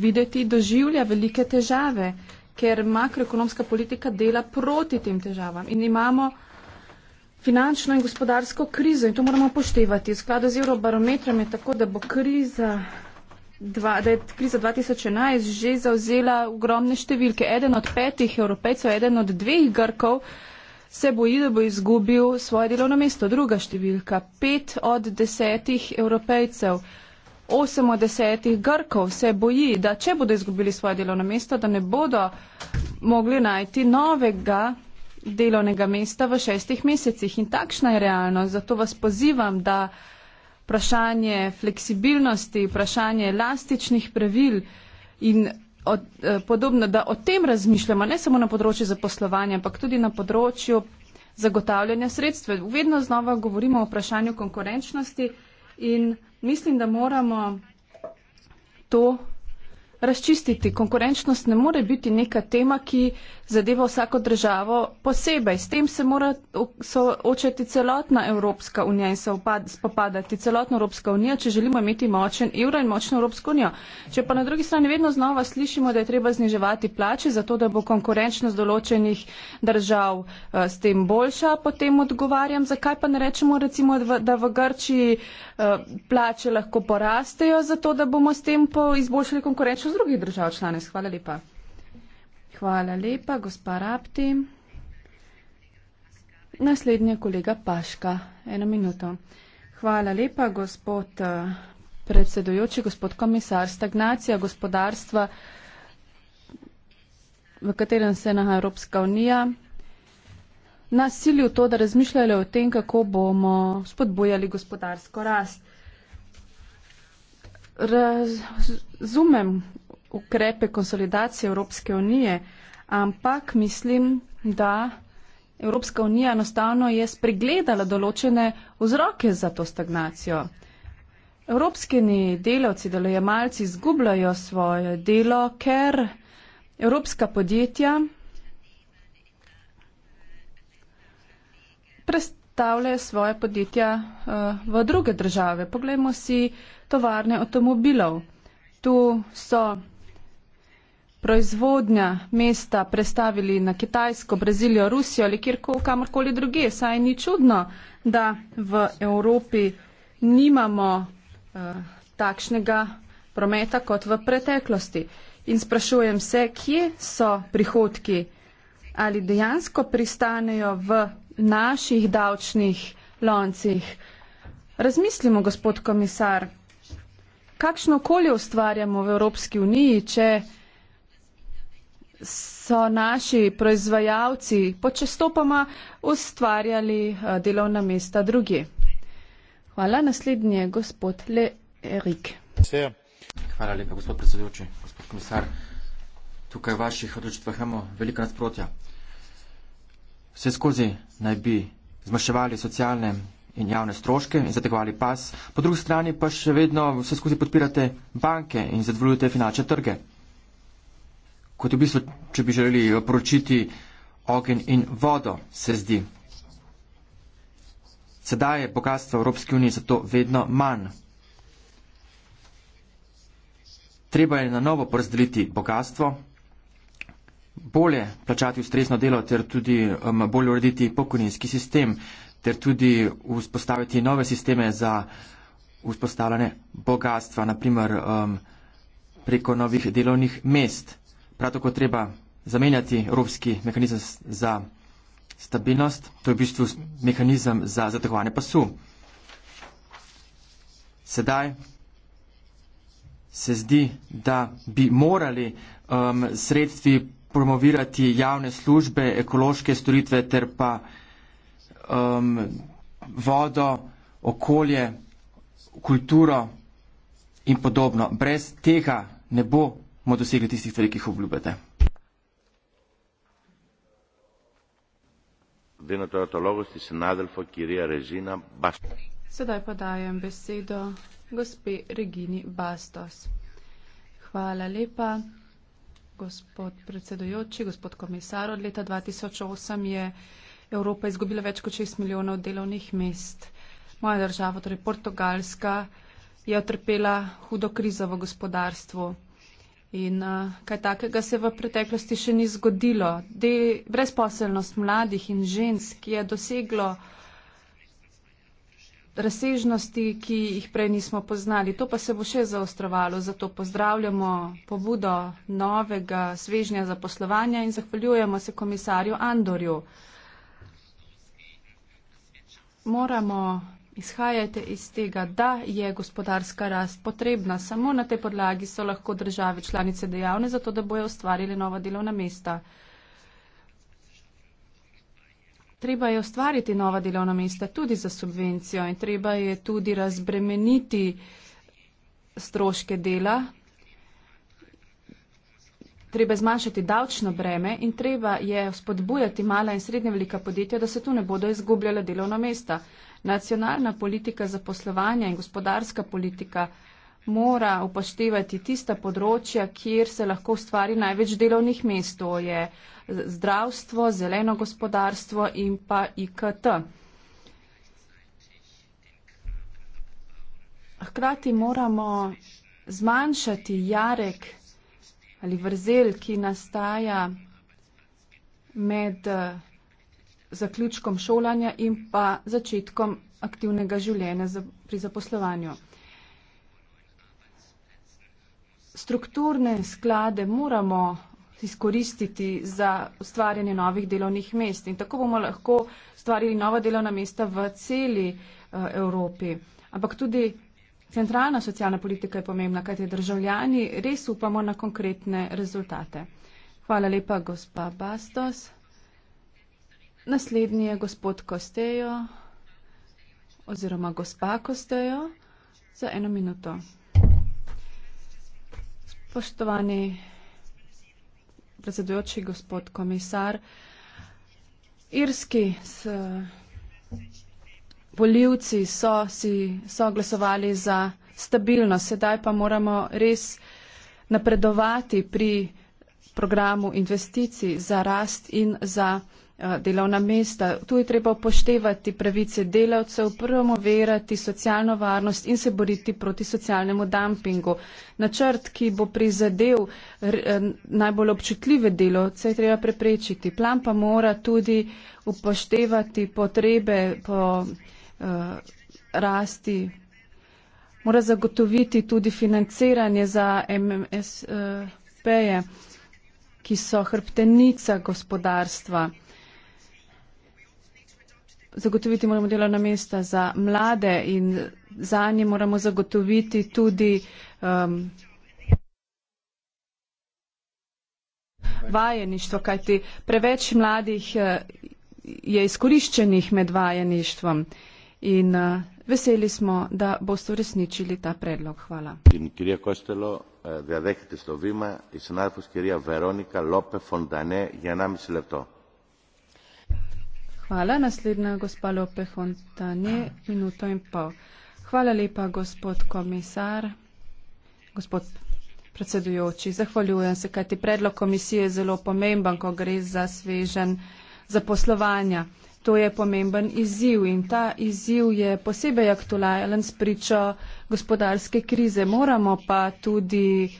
videti, doživlja velike težave, ker makroekonomska politika dela proti tem težavam in imamo finančno in gospodarsko krizo in to moramo poštevati. V skladu z eurobarometrom je tako, da bo kriza. Dva, da je kriza 2011 že zauzela ogromne številke. Eden od petih evropejcev, eden od dveh grkov se boji, da bo izgubil svoje delovno mesto. Druga številka, pet od desetih evropejcev, osem od desetih grkov se boji, da če bodo izgubili svoje delovno mesto, da ne bodo mogli najti novega delovnega mesta v šestih mesecih. In takšna je realnost, zato vas pozivam, da vprašanje fleksibilnosti, vprašanje elastičnih pravil in od, eh, podobno, da o tem razmišljamo, ne samo na področju zaposlovanja, ampak tudi na področju zagotavljanja sredstva. Vedno znova govorimo o vprašanju konkurenčnosti in mislim, da moramo to razčistiti. Konkurenčnost ne more biti neka tema, ki eh, zadeva vsako državo posebej. S tem se mora soočati celotna Evropska unija in se spopadati celotna Evropska unija, če želimo imeti močen evro in močno Evropsko unijo. Če pa na drugi strani vedno znova slišimo, da je treba zniževati plače, zato da bo konkurenčnost določenih držav eh, s tem boljša, potem odgovarjam, zakaj pa ne rečemo, recimo, da v Grčiji eh, plače lahko porastejo, zato da bomo s tem izboljšali konkurenčnost drugih držav članic. Hvala lepa. Hvala lepa, gospa Rapti. Naslednji je kolega Paška. Eno minuto. Hvala lepa, gospod eh, predsedujoči, gospod komisar. Stagnacija gospodarstva, v katerem se naha Evropska unija, nas sili v to, da razmišljajo o tem, kako bomo spodbujali gospodarsko rast. Razumem, ukrepe konsolidacije Evropske unije, ampak mislim, da Evropska unija enostavno je spregledala določene vzroke za to stagnacijo. Evropskeni delavci, delojemalci izgubljajo svoje delo, ker evropska podjetja predstavljajo svoje podjetja eh, v druge države. Poglejmo si tovarne avtomobilov. Tu so proizvodnja mesta prestavili na Kitajsko, Brazilijo, Rusijo ali kjerkoli druge. Saj ni čudno, da v Evropi nimamo eh, takšnega prometa kot v preteklosti. In sprašujem se, kje so prihodki, ali dejansko pristanejo v naših davčnih loncih. Razmislimo, gospod komisar, kakšno okolje ustvarjamo v Evropski uniji, če so naši proizvajalci počestopoma ustvarjali eh, delovna mesta drugi. Hvala, naslednji je gospod Le Erik. Hvala lepa, gospod predsedujoči, gospod komisar. Tukaj v vaših odločitvah imamo veliko nasprotja. Vse skozi naj bi zmaševali socialne in javne stroške in zategovali pas, po drugi strani pa še vedno vse skozi podpirate banke in zadvoljujete finančne trge kot v bistvu, če bi želeli poročiti ogen in vodo, se zdi. Sedaj je bogatstvo Evropske unije zato vedno manj. Treba je na novo porazdeliti bogatstvo, bolje plačati ustrezno delo ter tudi um, bolje urediti pokojninski sistem ter tudi vzpostaviti nove sisteme za vzpostavljanje bogatstva, naprimer um, preko novih delovnih mest. Prav tako treba zamenjati evropski mehanizem za stabilnost, to je v bistvu mehanizem za zategovanje pasu. Sedaj se zdi, da bi morali um, sredstvi promovirati javne službe, ekološke storitve ter pa um, vodo, okolje, kulturo in podobno. Brez tega ne bo bomo dosegli tistih stvari, ki jih obljubljate. Sedaj pa dajem besedo gospe Regini Bastos. Hvala lepa, gospod predsedojoči, gospod komisar. Od leta 2008 je Evropa izgubila več kot 6 milijonov delovnih mest. Moja država, torej Portugalska, je utrpela hudo krizo v gospodarstvu. In uh, kaj takega se v preteklosti še ni zgodilo. De brezposelnost mladih in žensk, ki je doseglo razsežnosti, ki jih prej nismo poznali. To pa se bo še zaostrovalo, zato pozdravljamo pobudo novega svežnja za poslovanje in zahvaljujemo se komisarju Andorju. Moramo Izhajajte iz tega, da je gospodarska rast potrebna. Samo na tej podlagi so lahko države članice dejavne za to, da bojo ustvarili nova delovna mesta. Treba je ustvariti nova delovna mesta tudi za subvencijo in treba je tudi razbremeniti stroške dela, treba zmanjšati davčno breme in treba je spodbujati mala in srednje velika podjetja, da se tu ne bodo izgubljala delovna mesta. Nacionalna politika zaposlovanja in gospodarska politika mora upoštevati tista področja, kjer se lahko ustvari največ delovnih mest, to je zdravstvo, zeleno gospodarstvo in pa IKT. Hkrati moramo zmanjšati jarek ali vrzel, ki nastaja med eh, zaključkom šolanja in pa začetkom aktivnega življenja pri zaposlovanju. Strukturne sklade moramo izkoristiti za ustvarjanje novih delovnih mest in tako bomo lahko ustvarili nova delovna mesta v celi eh, Evropi. Ampak tudi centralna socialna politika je pomembna, kajte državljani res upamo na konkretne rezultate. Hvala lepa, gospa Bastos. Naslednji je gospod Kostejo oziroma gospa Kostejo za eno minuto. Spoštovani predsedujoči gospod komisar, irski s volivci so, si, so glasovali za stabilnost, sedaj pa moramo res napredovati pri programu investicij za rast in za eh, delovna mesta. Tu je treba upoštevati pravice delavcev, promovirati socialno varnost in se boriti proti socialnemu dumpingu. Načrt, ki bo prizadel eh, najbolj občutljive delavce, je treba preprečiti. Plan pa mora tudi upoštevati potrebe po Eh, rasti. Mora zagotoviti tudi financiranje za MSP-je, ki so hrbtenica gospodarstva. Zagotoviti moramo delovna mesta za mlade in za nje moramo zagotoviti tudi um, vajeništvo, kajti preveč mladih eh, je izkoriščenih med vajeništvom. Uh, in uh, veseli smo, da boste uresničili ta predlog. Hvala. Hvala. Naslednja gospa Lope Fontane, minuto in pol. Hvala lepa, gospod komisar, gospod predsedujoči. Zahvaljujem se, kajti predlog komisije je zelo pomemben, ko gre za svežen zaposlovanja. To je pomemben izziv in ta izziv je posebej aktualen s pričo gospodarske krize. Moramo pa tudi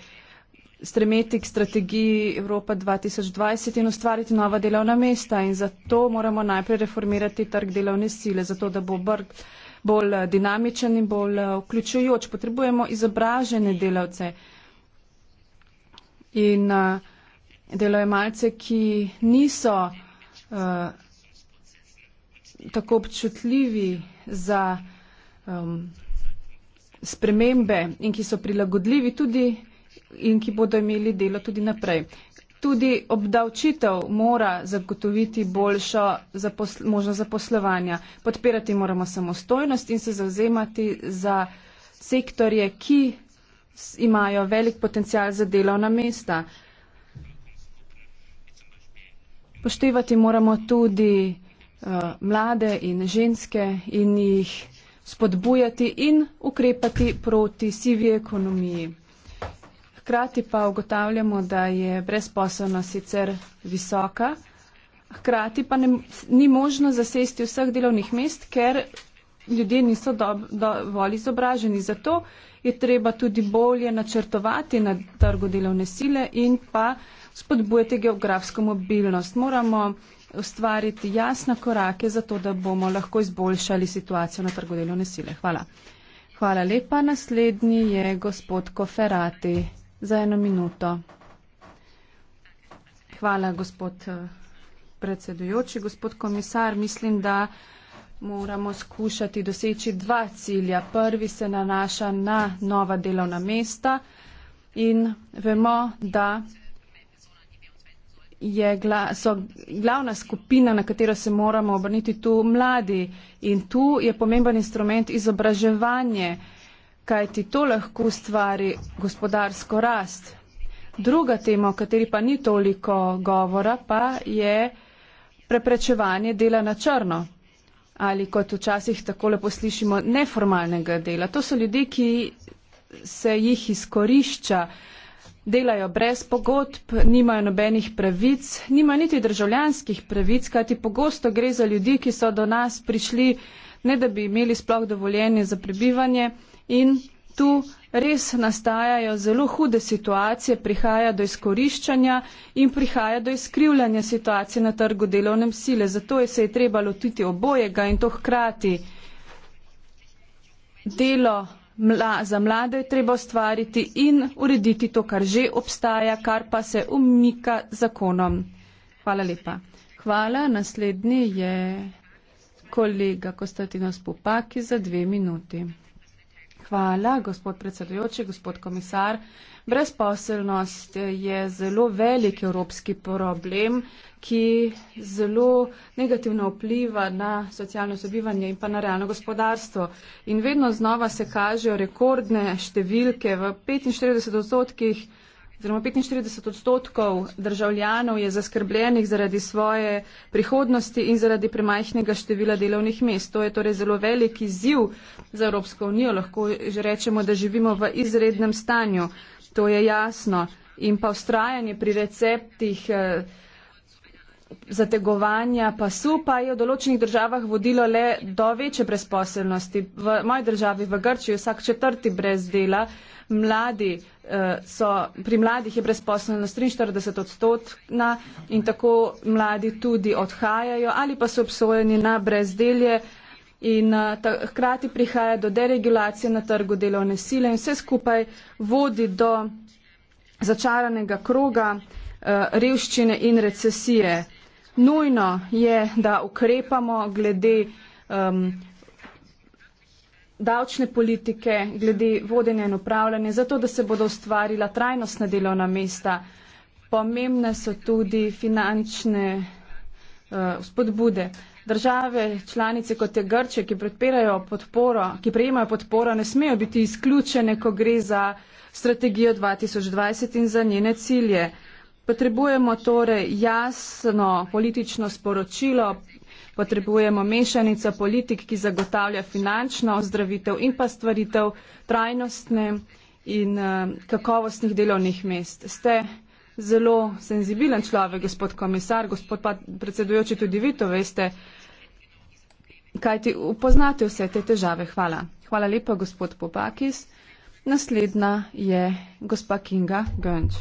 stremeti k strategiji Evropa 2020 in ustvariti nova delovna mesta in zato moramo najprej reformirati trg delovne sile, zato da bo brg bolj dinamičen in bolj eh, vključujoč. Potrebujemo izobražene delavce in eh, delojemalce, ki niso. Uh, tako občutljivi za um, spremembe in ki so prilagodljivi tudi in ki bodo imeli delo tudi naprej. Tudi obdavčitev mora zagotoviti boljšo zaposl možnost zaposlovanja. Podpirati moramo samostojnost in se zauzemati za sektorje, ki imajo velik potencial za delovna mesta. Poštevati moramo tudi Eh, mlade in ženske in jih spodbujati in ukrepati proti sivi ekonomiji. Hkrati pa ugotavljamo, da je brezposobnost sicer visoka, hkrati pa ne, ni možno zasesti vseh delovnih mest, ker ljudje niso dovolj do, izobraženi. Zato je treba tudi bolje načrtovati na trgu delovne sile in pa spodbujati geografsko mobilnost. Moramo ustvariti jasne korake za to, da bomo lahko izboljšali situacijo na trgu delovne sile. Hvala. Hvala lepa. Naslednji je gospod Koferati za eno minuto. Hvala, gospod eh, predsedujoči. Gospod komisar, mislim, da moramo skušati doseči dva cilja. Prvi se nanaša na nova delovna mesta in vemo, da je gla, so glavna skupina, na katero se moramo obrniti tu mladi. In tu je pomemben instrument izobraževanje, kajti to lahko ustvari gospodarsko rast. Druga tema, o kateri pa ni toliko govora, pa je preprečevanje dela na črno ali kot včasih tako lepo slišimo, neformalnega dela. To so ljudje, ki se jih izkorišča delajo brez pogodb, nimajo nobenih pravic, nimajo niti državljanskih pravic, kajti pogosto gre za ljudi, ki so do nas prišli, ne da bi imeli sploh dovoljenje za prebivanje in tu res nastajajo zelo hude situacije, prihaja do izkoriščanja in prihaja do izkrivljanja situacije na trgu delovnem sile. Zato je se je treba lotiti obojega in to hkrati delo Mla, za mlade treba ustvariti in urediti to, kar že obstaja, kar pa se umika zakonom. Hvala lepa. Hvala. Naslednji je kolega Konstantinos Popaki za dve minuti. Hvala, gospod predsedujoči, gospod komisar. Brezposelnost je zelo velik evropski problem, ki zelo negativno vpliva na socialno sobivanje in pa na realno gospodarstvo. In vedno znova se kažejo rekordne številke v 45 odstotkih oziroma 45 odstotkov državljanov je zaskrbljenih zaradi svoje prihodnosti in zaradi premajhnega števila delovnih mest. To je torej zelo veliki ziv za Evropsko unijo. Lahko že rečemo, da živimo v izrednem stanju. To je jasno. In pa ustrajanje pri receptih. Eh, zategovanja pasu pa je v določenih državah vodilo le do večje brezposelnosti. V moji državi, v Grčiji, vsak četrti brez dela, mladi eh, so, pri mladih je brezposelnost 43 odstotna in tako mladi tudi odhajajo ali pa so obsojeni na brezdelje in eh, ta, hkrati prihaja do deregulacije na trgu delovne sile in vse skupaj vodi do začaranega kroga eh, revščine in recesije. Nujno je, da ukrepamo glede um, davčne politike, glede vodenja in upravljanja, zato da se bodo ustvarila trajnostna delovna mesta. Pomembne so tudi finančne uh, spodbude. Države članice, kot je Grče, ki, podporo, ki prejemajo podporo, ne smejo biti izključene, ko gre za strategijo 2020 in za njene cilje. Uh, Potrebujemo torej jasno politično sporočilo, potrebujemo mešanico politik, ki zagotavlja finančno ozdravitev in pa stvaritev trajnostne in uh, kakovostnih delovnih mest. Ste zelo senzibilen človek, gospod komisar, gospod pa predsedujoči tudi vi to veste, kaj ti upoznate vse te težave. Hvala. Hvala lepa, gospod Popakis. Naslednja je gospa Kinga Gönč.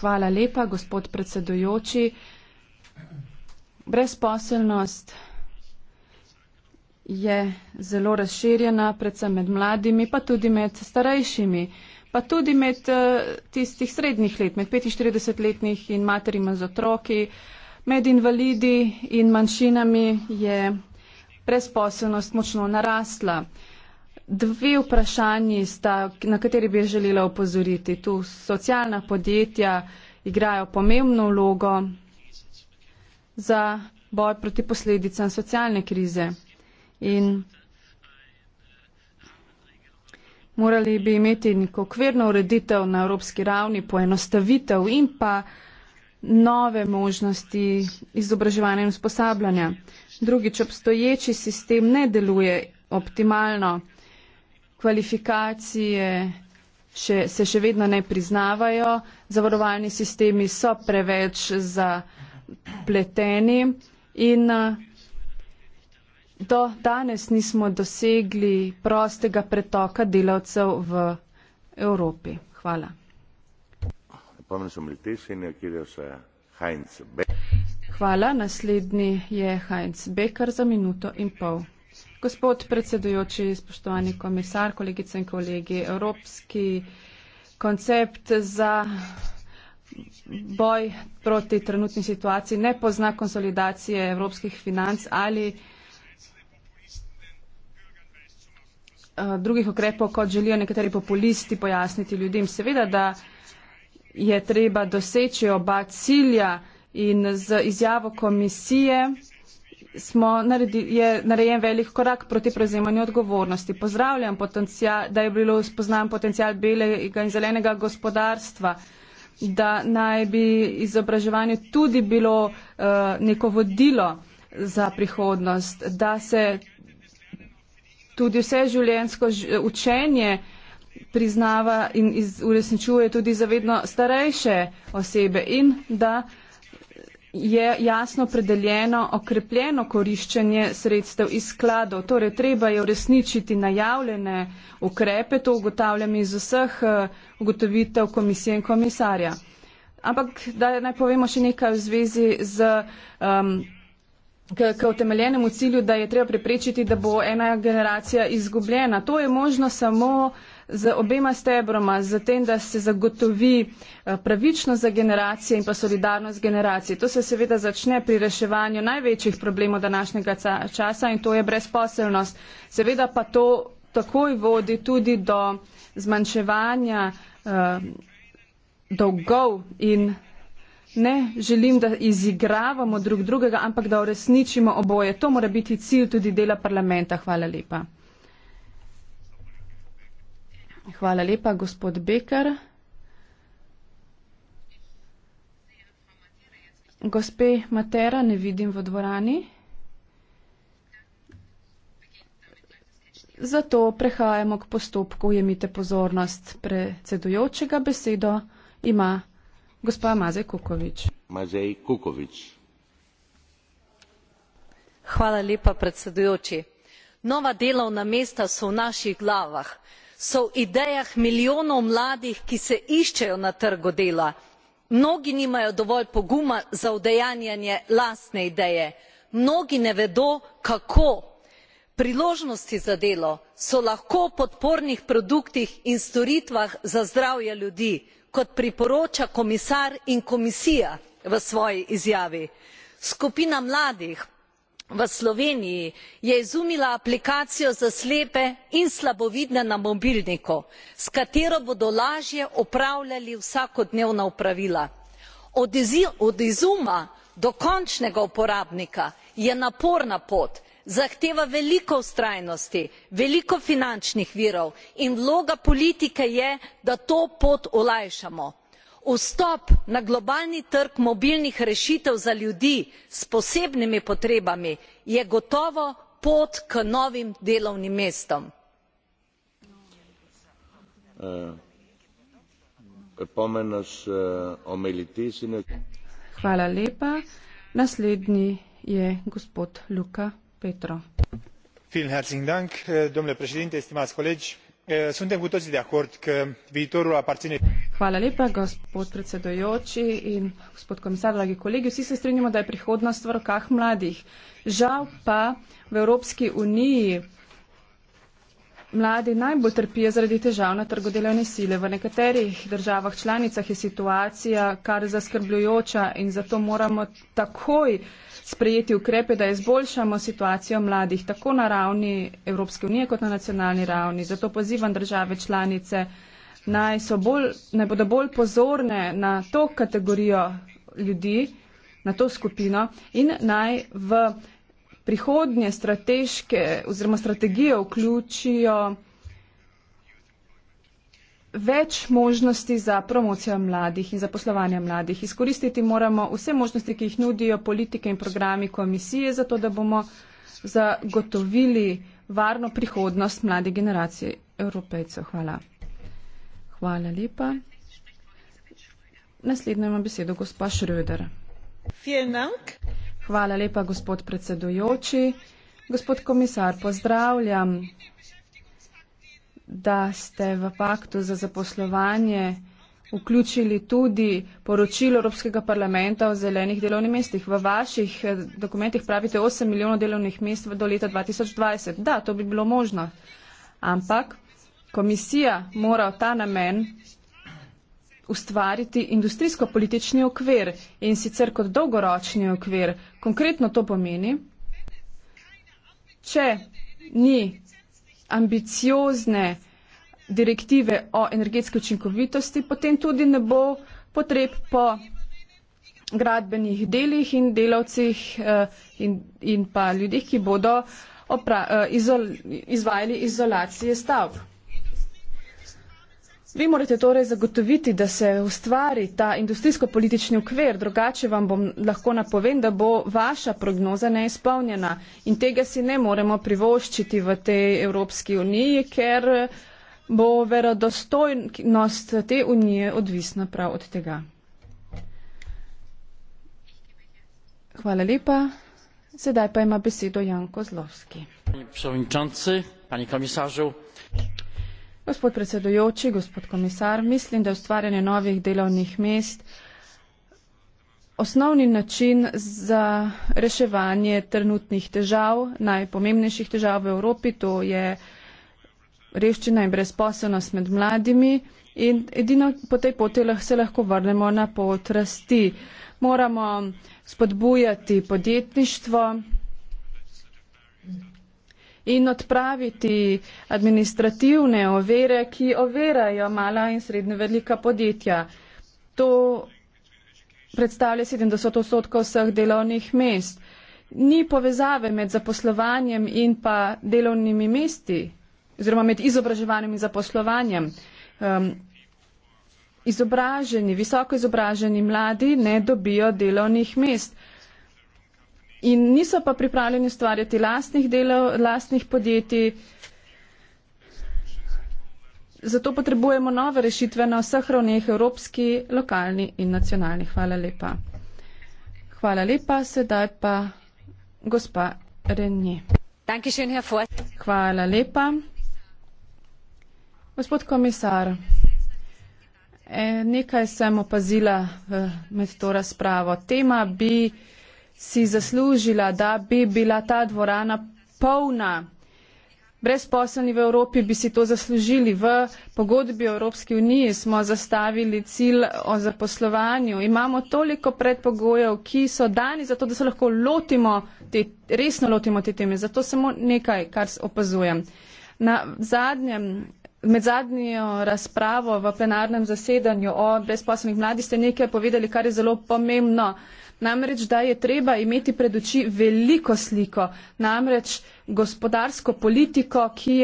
Hvala lepa, gospod predsedujoči. Brezposelnost je zelo razširjena, predvsem med mladimi, pa tudi med starejšimi, pa tudi med eh, tistih srednjih let, med 45-letnih in materima z otroki, med invalidi in manjšinami je brezposelnost močno narasla. Dve vprašanji sta, na kateri bi želela upozoriti. Tu socialna podjetja igrajo pomembno vlogo za boj proti posledicam socialne krize. In morali bi imeti neko okvirno ureditev na evropski ravni, poenostavitev in pa nove možnosti izobraževanja in usposabljanja. Drugič, obstoječi sistem ne deluje optimalno kvalifikacije še, se še vedno ne priznavajo, zavarovalni sistemi so preveč zapleteni in do danes nismo dosegli prostega pretoka delavcev v Evropi. Hvala. Hvala, naslednji je Heinz Becker za minuto in pol. Gospod predsedujoči, spoštovani komisar, kolegice in kolegi, evropski koncept za boj proti trenutni situaciji ne pozna konsolidacije evropskih financ ali eh, drugih ukrepov, kot želijo nekateri populisti pojasniti ljudem. Seveda, da je treba doseči oba cilja in z izjavo komisije smo naredili, je narejen velik korak proti prevzemanju odgovornosti. Pozdravljam, potencial, da je bilo spoznan potencial belega in zelenega gospodarstva, da naj bi izobraževanje tudi bilo uh, neko vodilo za prihodnost, da se tudi vse življensko učenje priznava in uresničuje tudi za vedno starejše osebe in da uh, je jasno predeljeno okrepljeno koriščenje sredstev iz skladov. Torej, treba je uresničiti najavljene ukrepe, to ugotavljam iz vseh eh, ugotovitev komisije in komisarja. Ampak da naj povemo še nekaj v zvezi z. Um, K, k utemeljenemu cilju, da je treba preprečiti, da bo ena generacija izgubljena. To je možno samo uh, z obema stebroma, z tem, da se zagotovi eh, pravičnost za generacije in pa solidarnost generacij. To se seveda začne pri reševanju največjih problemov današnjega časa in to je brezposelnost. Seveda pa to takoj vodi tudi do zmanjševanja eh, dolgov in ne želim, da izigravamo drug drugega, ampak da uresničimo oboje. To mora biti cilj tudi dela parlamenta. Hvala lepa. Hvala lepa, gospod Beker. Gospe Matera ne vidim v dvorani. Zato prehajamo k postopku, jemite pozornost predsedujočega. Besedo ima gospa Mazej Kukovič. Mazej Kukovič. Hvala lepa, predsedujoči. Nova delovna mesta so v naših glavah so idejah milijonov mladih ki se iščejo na trgu dela mnogi nimajo dovolj poguma za udejanjanje lastne ideje mnogi ne vedo kako priložnosti za delo so lahko v podpornih produktih in storitvah za zdravje ljudi kot priporoča komisar in komisija v svoji izjavi. skupina mladih v sloveniji je izumila aplikacijo za slepe in slabovidne na mobilniku s katero bodo lažje opravljali vsakodnevna opravila. od izuma do končnega uporabnika je naporna pot zahteva veliko vztrajnosti veliko finančnih virov in vloga politike je da to pot olajšamo vstop na globalni trg mobilnih rešitev za ljudi s posebnimi potrebami je gotovo pot k novim delovnim mestom. Eh, eh, eh, domnule președinte stimați colegi suntem cu toții de acord că viitorul aparține. Hvala lepa, gospod predsedojoči in gospod komisar, dragi kolegi. Vsi se strinjamo, da je prihodnost v rokah mladih. Žal pa v Evropski uniji mladi najbolj trpijo zaradi težav na trgu delovne sile. V nekaterih državah članicah je situacija kar zaskrbljujoča in zato moramo takoj sprejeti ukrepe, da izboljšamo situacijo mladih tako na ravni Evropske unije kot na nacionalni ravni. Zato pozivam države članice naj, bolj, naj bodo bolj pozorne na to kategorijo ljudi, na to skupino in naj v prihodnje strateške oziroma strategije vključijo več možnosti za promocijo mladih in zaposlovanja mladih. Izkoristiti moramo vse možnosti, ki jih nudijo politike in programi komisije, zato da bomo zagotovili varno prihodnost mlade generacije Evropejcev. Hvala. Hvala lepa. Naslednjo ima besedo gospa Šröder. Hvala lepa, gospod predsedujoči. Gospod komisar, pozdravljam, da ste v paktu za zaposlovanje vključili tudi poročilo Evropskega parlamenta o zelenih delovnih mestih. V vaših eh, dokumentih pravite 8 milijonov delovnih mest do leta 2020. Da, to bi bilo možno. Ampak Komisija mora v ta namen ustvariti industrijsko-politični okvir in sicer kot dolgoročni okvir. Konkretno to pomeni, če ni ambiciozne direktive o energetski učinkovitosti, potem tudi ne bo potreb po gradbenih delih in delavcih eh, in, in pa ljudih, ki bodo opra, eh, izol, izvajali izolacije stavb. Vi morate torej zagotoviti, da se ustvari ta industrijsko-politični ukver, drugače vam bom lahko napovem, da bo vaša prognoza neizpolnjena in tega si ne moremo privoščiti v tej Evropski uniji, ker bo verodostojnost te unije odvisna prav od tega. Hvala lepa. Sedaj pa ima besedo Janko Zlovski. Pani komisarju. Gospod predsedujoči, gospod komisar, mislim, da je ustvarjanje novih delovnih mest osnovni način za reševanje trenutnih težav, najpomembnejših težav v Evropi, to je revščina in brezposobnost med mladimi in edino po tej poti se lahko vrnemo na pot rasti. Moramo spodbujati podjetništvo, in odpraviti administrativne ovire, ki overajo mala in srednje velika podjetja. To predstavlja 70 odstotkov vseh delovnih mest. Ni povezave med zaposlovanjem in pa delovnimi mesti, oziroma med izobraževanjem in zaposlovanjem. Um, izobraženi, visoko izobraženi mladi ne dobijo delovnih mest in niso pa pripravljeni ustvarjati lastnih delov, lastnih podjetij. Zato potrebujemo nove rešitve na vseh ravneh, evropski, lokalni in nacionalni. Hvala lepa. Hvala lepa, sedaj pa gospa Renje. Hvala lepa. Gospod komisar, eh, nekaj sem opazila eh, med to razpravo. Tema bi si zaslužila, da bi bila ta dvorana polna. Brezposelni v Evropi bi si to zaslužili. V pogodbi o Evropski uniji smo zastavili cilj o zaposlovanju. Imamo toliko predpogojev, ki so dani za to, da se lahko lotimo te, resno lotimo te teme. Zato samo nekaj, kar opazujem. Na zadnjem, med zadnjo razpravo v plenarnem zasedanju o brezposobnih mladih ste nekaj povedali, kar je zelo pomembno. Uh, Namreč, da je treba imeti pred oči veliko sliko, namreč gospodarsko politiko, ki,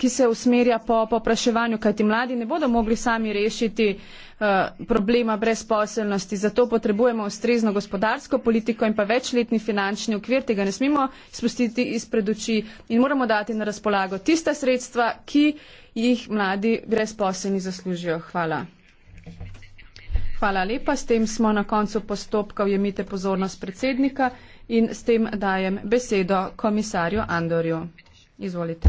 ki se usmerja po popraševanju, kajti mladi ne bodo mogli sami rešiti uh, problema brezposelnosti. Zato potrebujemo ustrezno gospodarsko politiko in pa večletni finančni ukvir, tega ne smemo spustiti izpred oči in moramo dati na razpolago tista sredstva, ki jih mladi brezposelni zaslužijo. Hvala. Hvala lepa. S tem smo na koncu postopka. Vjemite pozornost predsednika in s tem dajem besedo komisarju Andorju. Izvolite.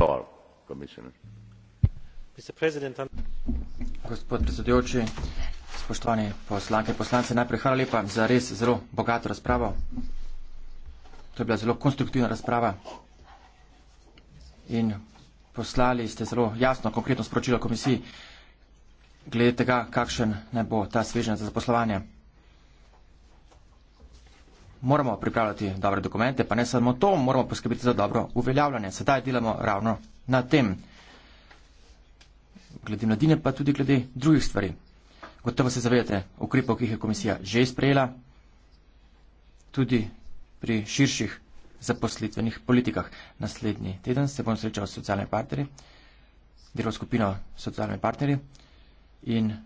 Gospod predsedujoči, spoštovani poslanke in poslanci, najprej hvala lepa za res zelo bogato razpravo. To je bila zelo konstruktivna razprava in poslali ste zelo jasno, konkretno sporočilo komisiji glede tega, kakšen ne bo ta svežen za zaposlovanje. Moramo pripravljati dobre dokumente, pa ne samo to, moramo poskrbiti za dobro uveljavljanje. Sedaj delamo ravno na tem. Glede mladine, pa tudi glede drugih stvari. Gotovo se zavedate ukrepov, ki jih je komisija že sprejela, tudi pri širših zaposlitvenih politikah. Naslednji teden se bom srečal s socialnimi partnerji, delovno skupino s socialnimi partnerji in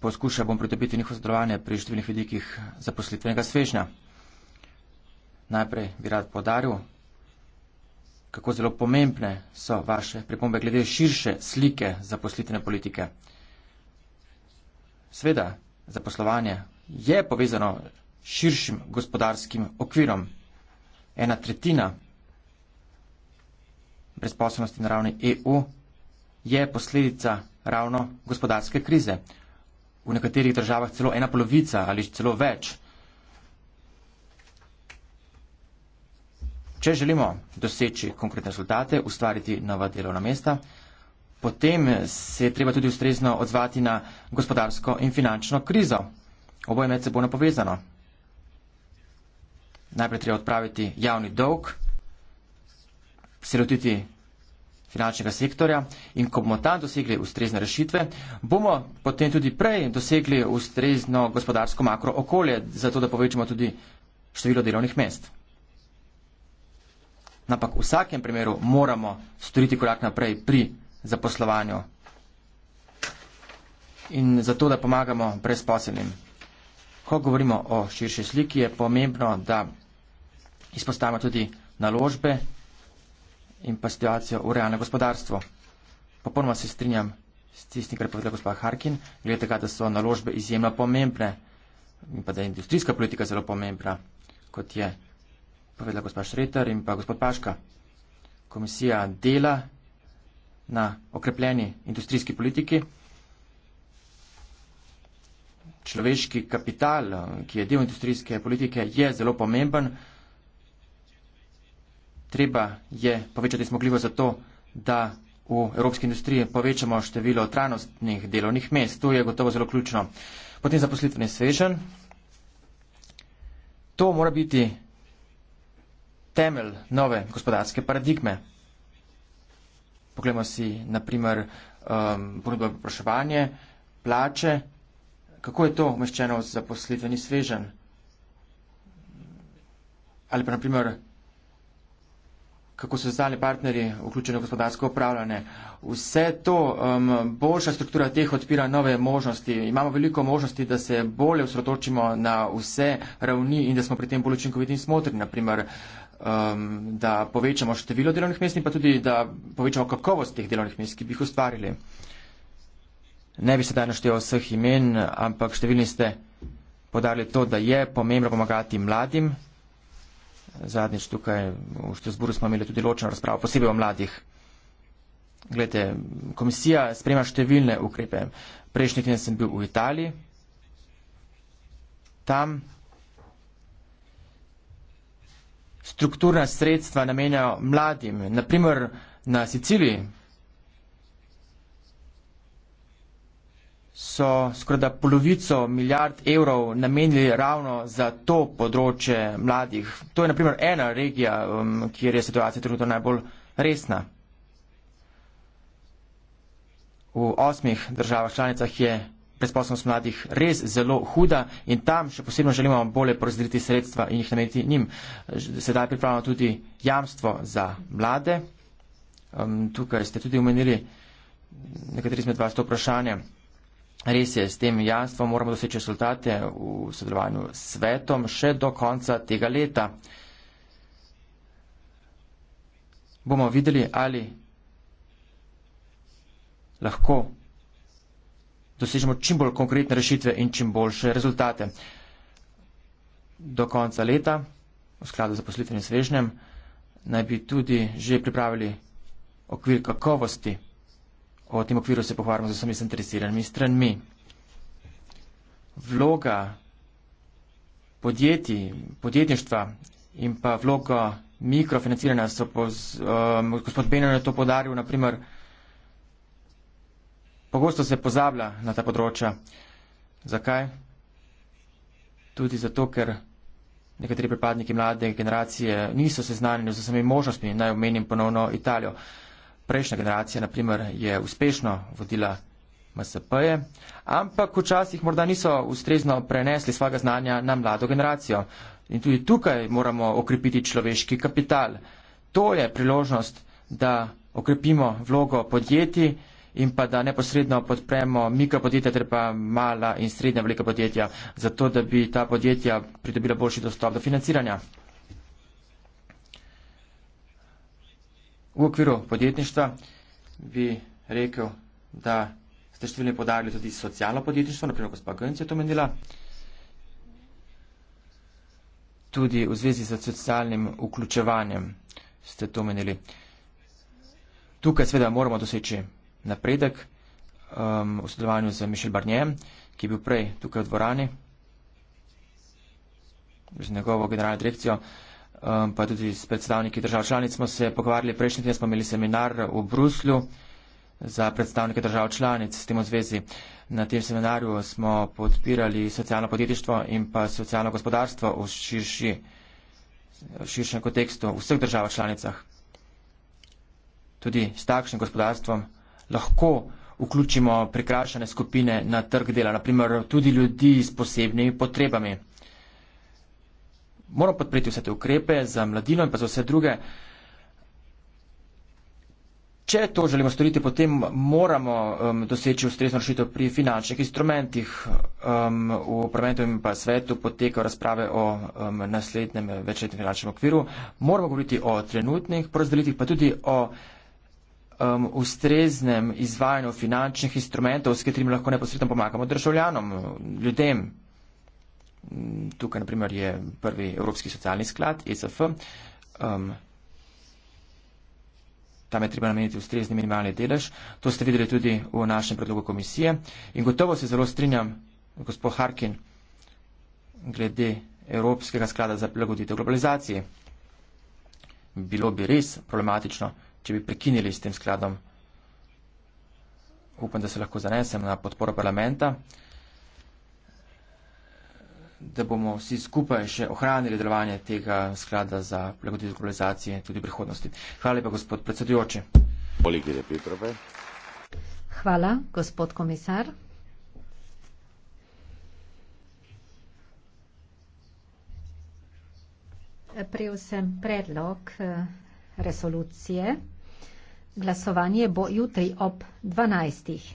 poskušal bom pridobiti njihovo sodelovanje pri številnih vidikih zaposlitvenega svežnja. Najprej bi rad podaril, kako zelo pomembne so vaše pripombe glede širše slike zaposlitvene politike. Sveda, zaposlovanje je povezano širšim gospodarskim okvirom. Ena tretjina brezposobnosti na ravni EU je posledica ravno gospodarske krize. V nekaterih državah celo ena polovica ali celo več. Če želimo doseči konkretne rezultate, ustvariti nova delovna mesta, potem se je treba tudi ustrezno odzvati na gospodarsko in finančno krizo. Oboje med seboj napovezano. Najprej treba odpraviti javni dolg, se lotiti finančnega sektorja in ko bomo tam dosegli ustrezne rešitve, bomo potem tudi prej dosegli ustrezno gospodarsko makro okolje, zato da povečamo tudi število delovnih mest. Ampak v vsakem primeru moramo storiti korak naprej pri zaposlovanju in zato, da pomagamo brezposelnim. Ko govorimo o širši sliki, je pomembno, da izpostavimo tudi naložbe in pa situacijo v realnem gospodarstvu. Popolnoma se strinjam s tistim, kar je povedal gospod Harkin, glede tega, da so naložbe izjemno pomembne in pa da je industrijska politika zelo pomembna, kot je povedala gospod Šreter in pa gospod Paška. Komisija dela na okrepljeni industrijski politiki. Človeški kapital, ki je del industrijske politike, je zelo pomemben treba je povečati zmogljivost za to, da v evropski industriji povečamo število trajnostnih delovnih mest. To je gotovo zelo ključno. Potem zaposlitveni svežen. To mora biti temelj nove gospodarske paradigme. Poglejmo si, naprimer, um, ponudbo vprašovanje, plače. Kako je to umeščeno v zaposlitveni svežen? Ali pa, naprimer, kako so zdali partnerji vključeni v gospodarsko upravljanje. Vse to, um, boljša struktura teh odpira nove možnosti. Imamo veliko možnosti, da se bolje usredočimo na vse ravni in da smo pri tem bolj učinkoviti in smotri. Naprimer, um, da povečamo število delovnih mest in pa tudi, da povečamo kakovost teh delovnih mest, ki bi jih ustvarili. Ne bi se daj našteval vseh imen, ampak številni ste podarili to, da je pomembno pomagati mladim zadnjič tukaj v Štezburu smo imeli tudi ločeno razpravo, posebej o mladih. Glede, komisija sprema številne ukrepe. Prejšnji teden sem bil v Italiji. Tam strukturna sredstva namenjajo mladim. Naprimer, na Siciliji so skoraj da polovico milijard evrov namenili ravno za to področje mladih. To je naprimer ena regija, um, kjer je situacija trenutno najbolj resna. V osmih državah članicah je brezposobnost mladih res zelo huda in tam še posebno želimo bolje porazdeliti sredstva in jih nameniti njim. Sedaj pripravljamo tudi jamstvo za mlade. Um, tukaj ste tudi omenili nekateri izmed vas to vprašanje. Res je, s tem jasno moramo doseči rezultate v sodelovanju s svetom še do konca tega leta. Bomo videli, ali lahko dosežemo čim bolj konkretne rešitve in čim boljše rezultate. Do konca leta, v skladu za poslitvenim svežnjem, naj bi tudi že pripravili okvir kakovosti v tem okviru se pohvarjamo z vsemi zainteresiranimi stranmi. Vloga podjetij, podjetništva in pa vloga mikrofinanciranja so poz, um, gospod Benjamin to podaril, naprimer, pogosto se pozablja na ta področja. Zakaj? Tudi zato, ker nekateri pripadniki mlade generacije niso seznanjeni z vsemi možnostmi, naj omenim ponovno Italijo prejšnja generacija, naprimer, je uspešno vodila MSP-je, ampak včasih morda niso ustrezno prenesli svojega znanja na mlado generacijo. In tudi tukaj moramo okrepiti človeški kapital. To je priložnost, da okrepimo vlogo podjetij in pa da neposredno podpremo mikropodjetja ter pa mala in srednja velika podjetja, zato da bi ta podjetja pridobila boljši dostop do financiranja. V okviru podjetništva bi rekel, da ste številne podarili tudi socialno podjetništvo, naprimer gospa Gönc je to menila, tudi v zvezi s socialnim vključevanjem ste to menili. Tukaj seveda moramo doseči napredek um, v sodelovanju z Mišel Barnjem, ki je bil prej tukaj v dvorani z njegovo generalno direkcijo. Uh, Um, pa tudi s predstavniki držav članic smo se pogovarjali. Prejšnji teden smo imeli seminar v Bruslju za predstavnike držav članic. S tem v zvezi na tem seminarju smo podpirali socialno podjetništvo in pa socialno gospodarstvo v, širši, v širšem kontekstu v vseh držav članicah. Tudi s takšnim gospodarstvom lahko vključimo prikrašene skupine na trg dela, naprimer tudi ljudi s posebnimi potrebami moramo podpreti vse te ukrepe za mladino in pa za vse druge. Če to želimo storiti, potem moramo um, doseči ustrezno rešitev pri finančnih instrumentih. Um, v parlamentu in pa svetu potekajo razprave o um, naslednjem eh, večletnem finančnem okviru. Moramo govoriti o trenutnih porazdelitih, pa tudi o um, ustreznem izvajanju finančnih instrumentov, s katerimi lahko neposredno pomagamo državljanom, ljudem. Tukaj, na primer, je prvi Evropski socialni sklad, ESF. Um, tam je treba nameniti ustrezni minimalni delež. To ste videli tudi v našem predlogu komisije. In gotovo se zelo strinjam, gospod Harkin, glede Evropskega sklada za prilagoditev globalizaciji. Bilo bi res problematično, če bi prekinili s tem skladom. Upam, da se lahko zanesem na podporo parlamenta da bomo vsi skupaj še ohranili delovanje tega sklada za blagodje globalizacije tudi v prihodnosti. Hvala lepa, gospod predsedujoči. Hvala, gospod komisar. Prijel sem predlog eh, resolucije. Glasovanje bo jutri ob dvanajstih.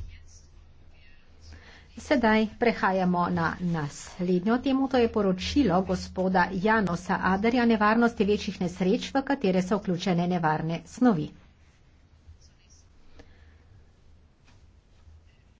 Sedaj prehajamo na naslednjo temo, to je poročilo gospoda Janosa Aderja nevarnosti večjih nesreč, v katere so vključene nevarne snovi.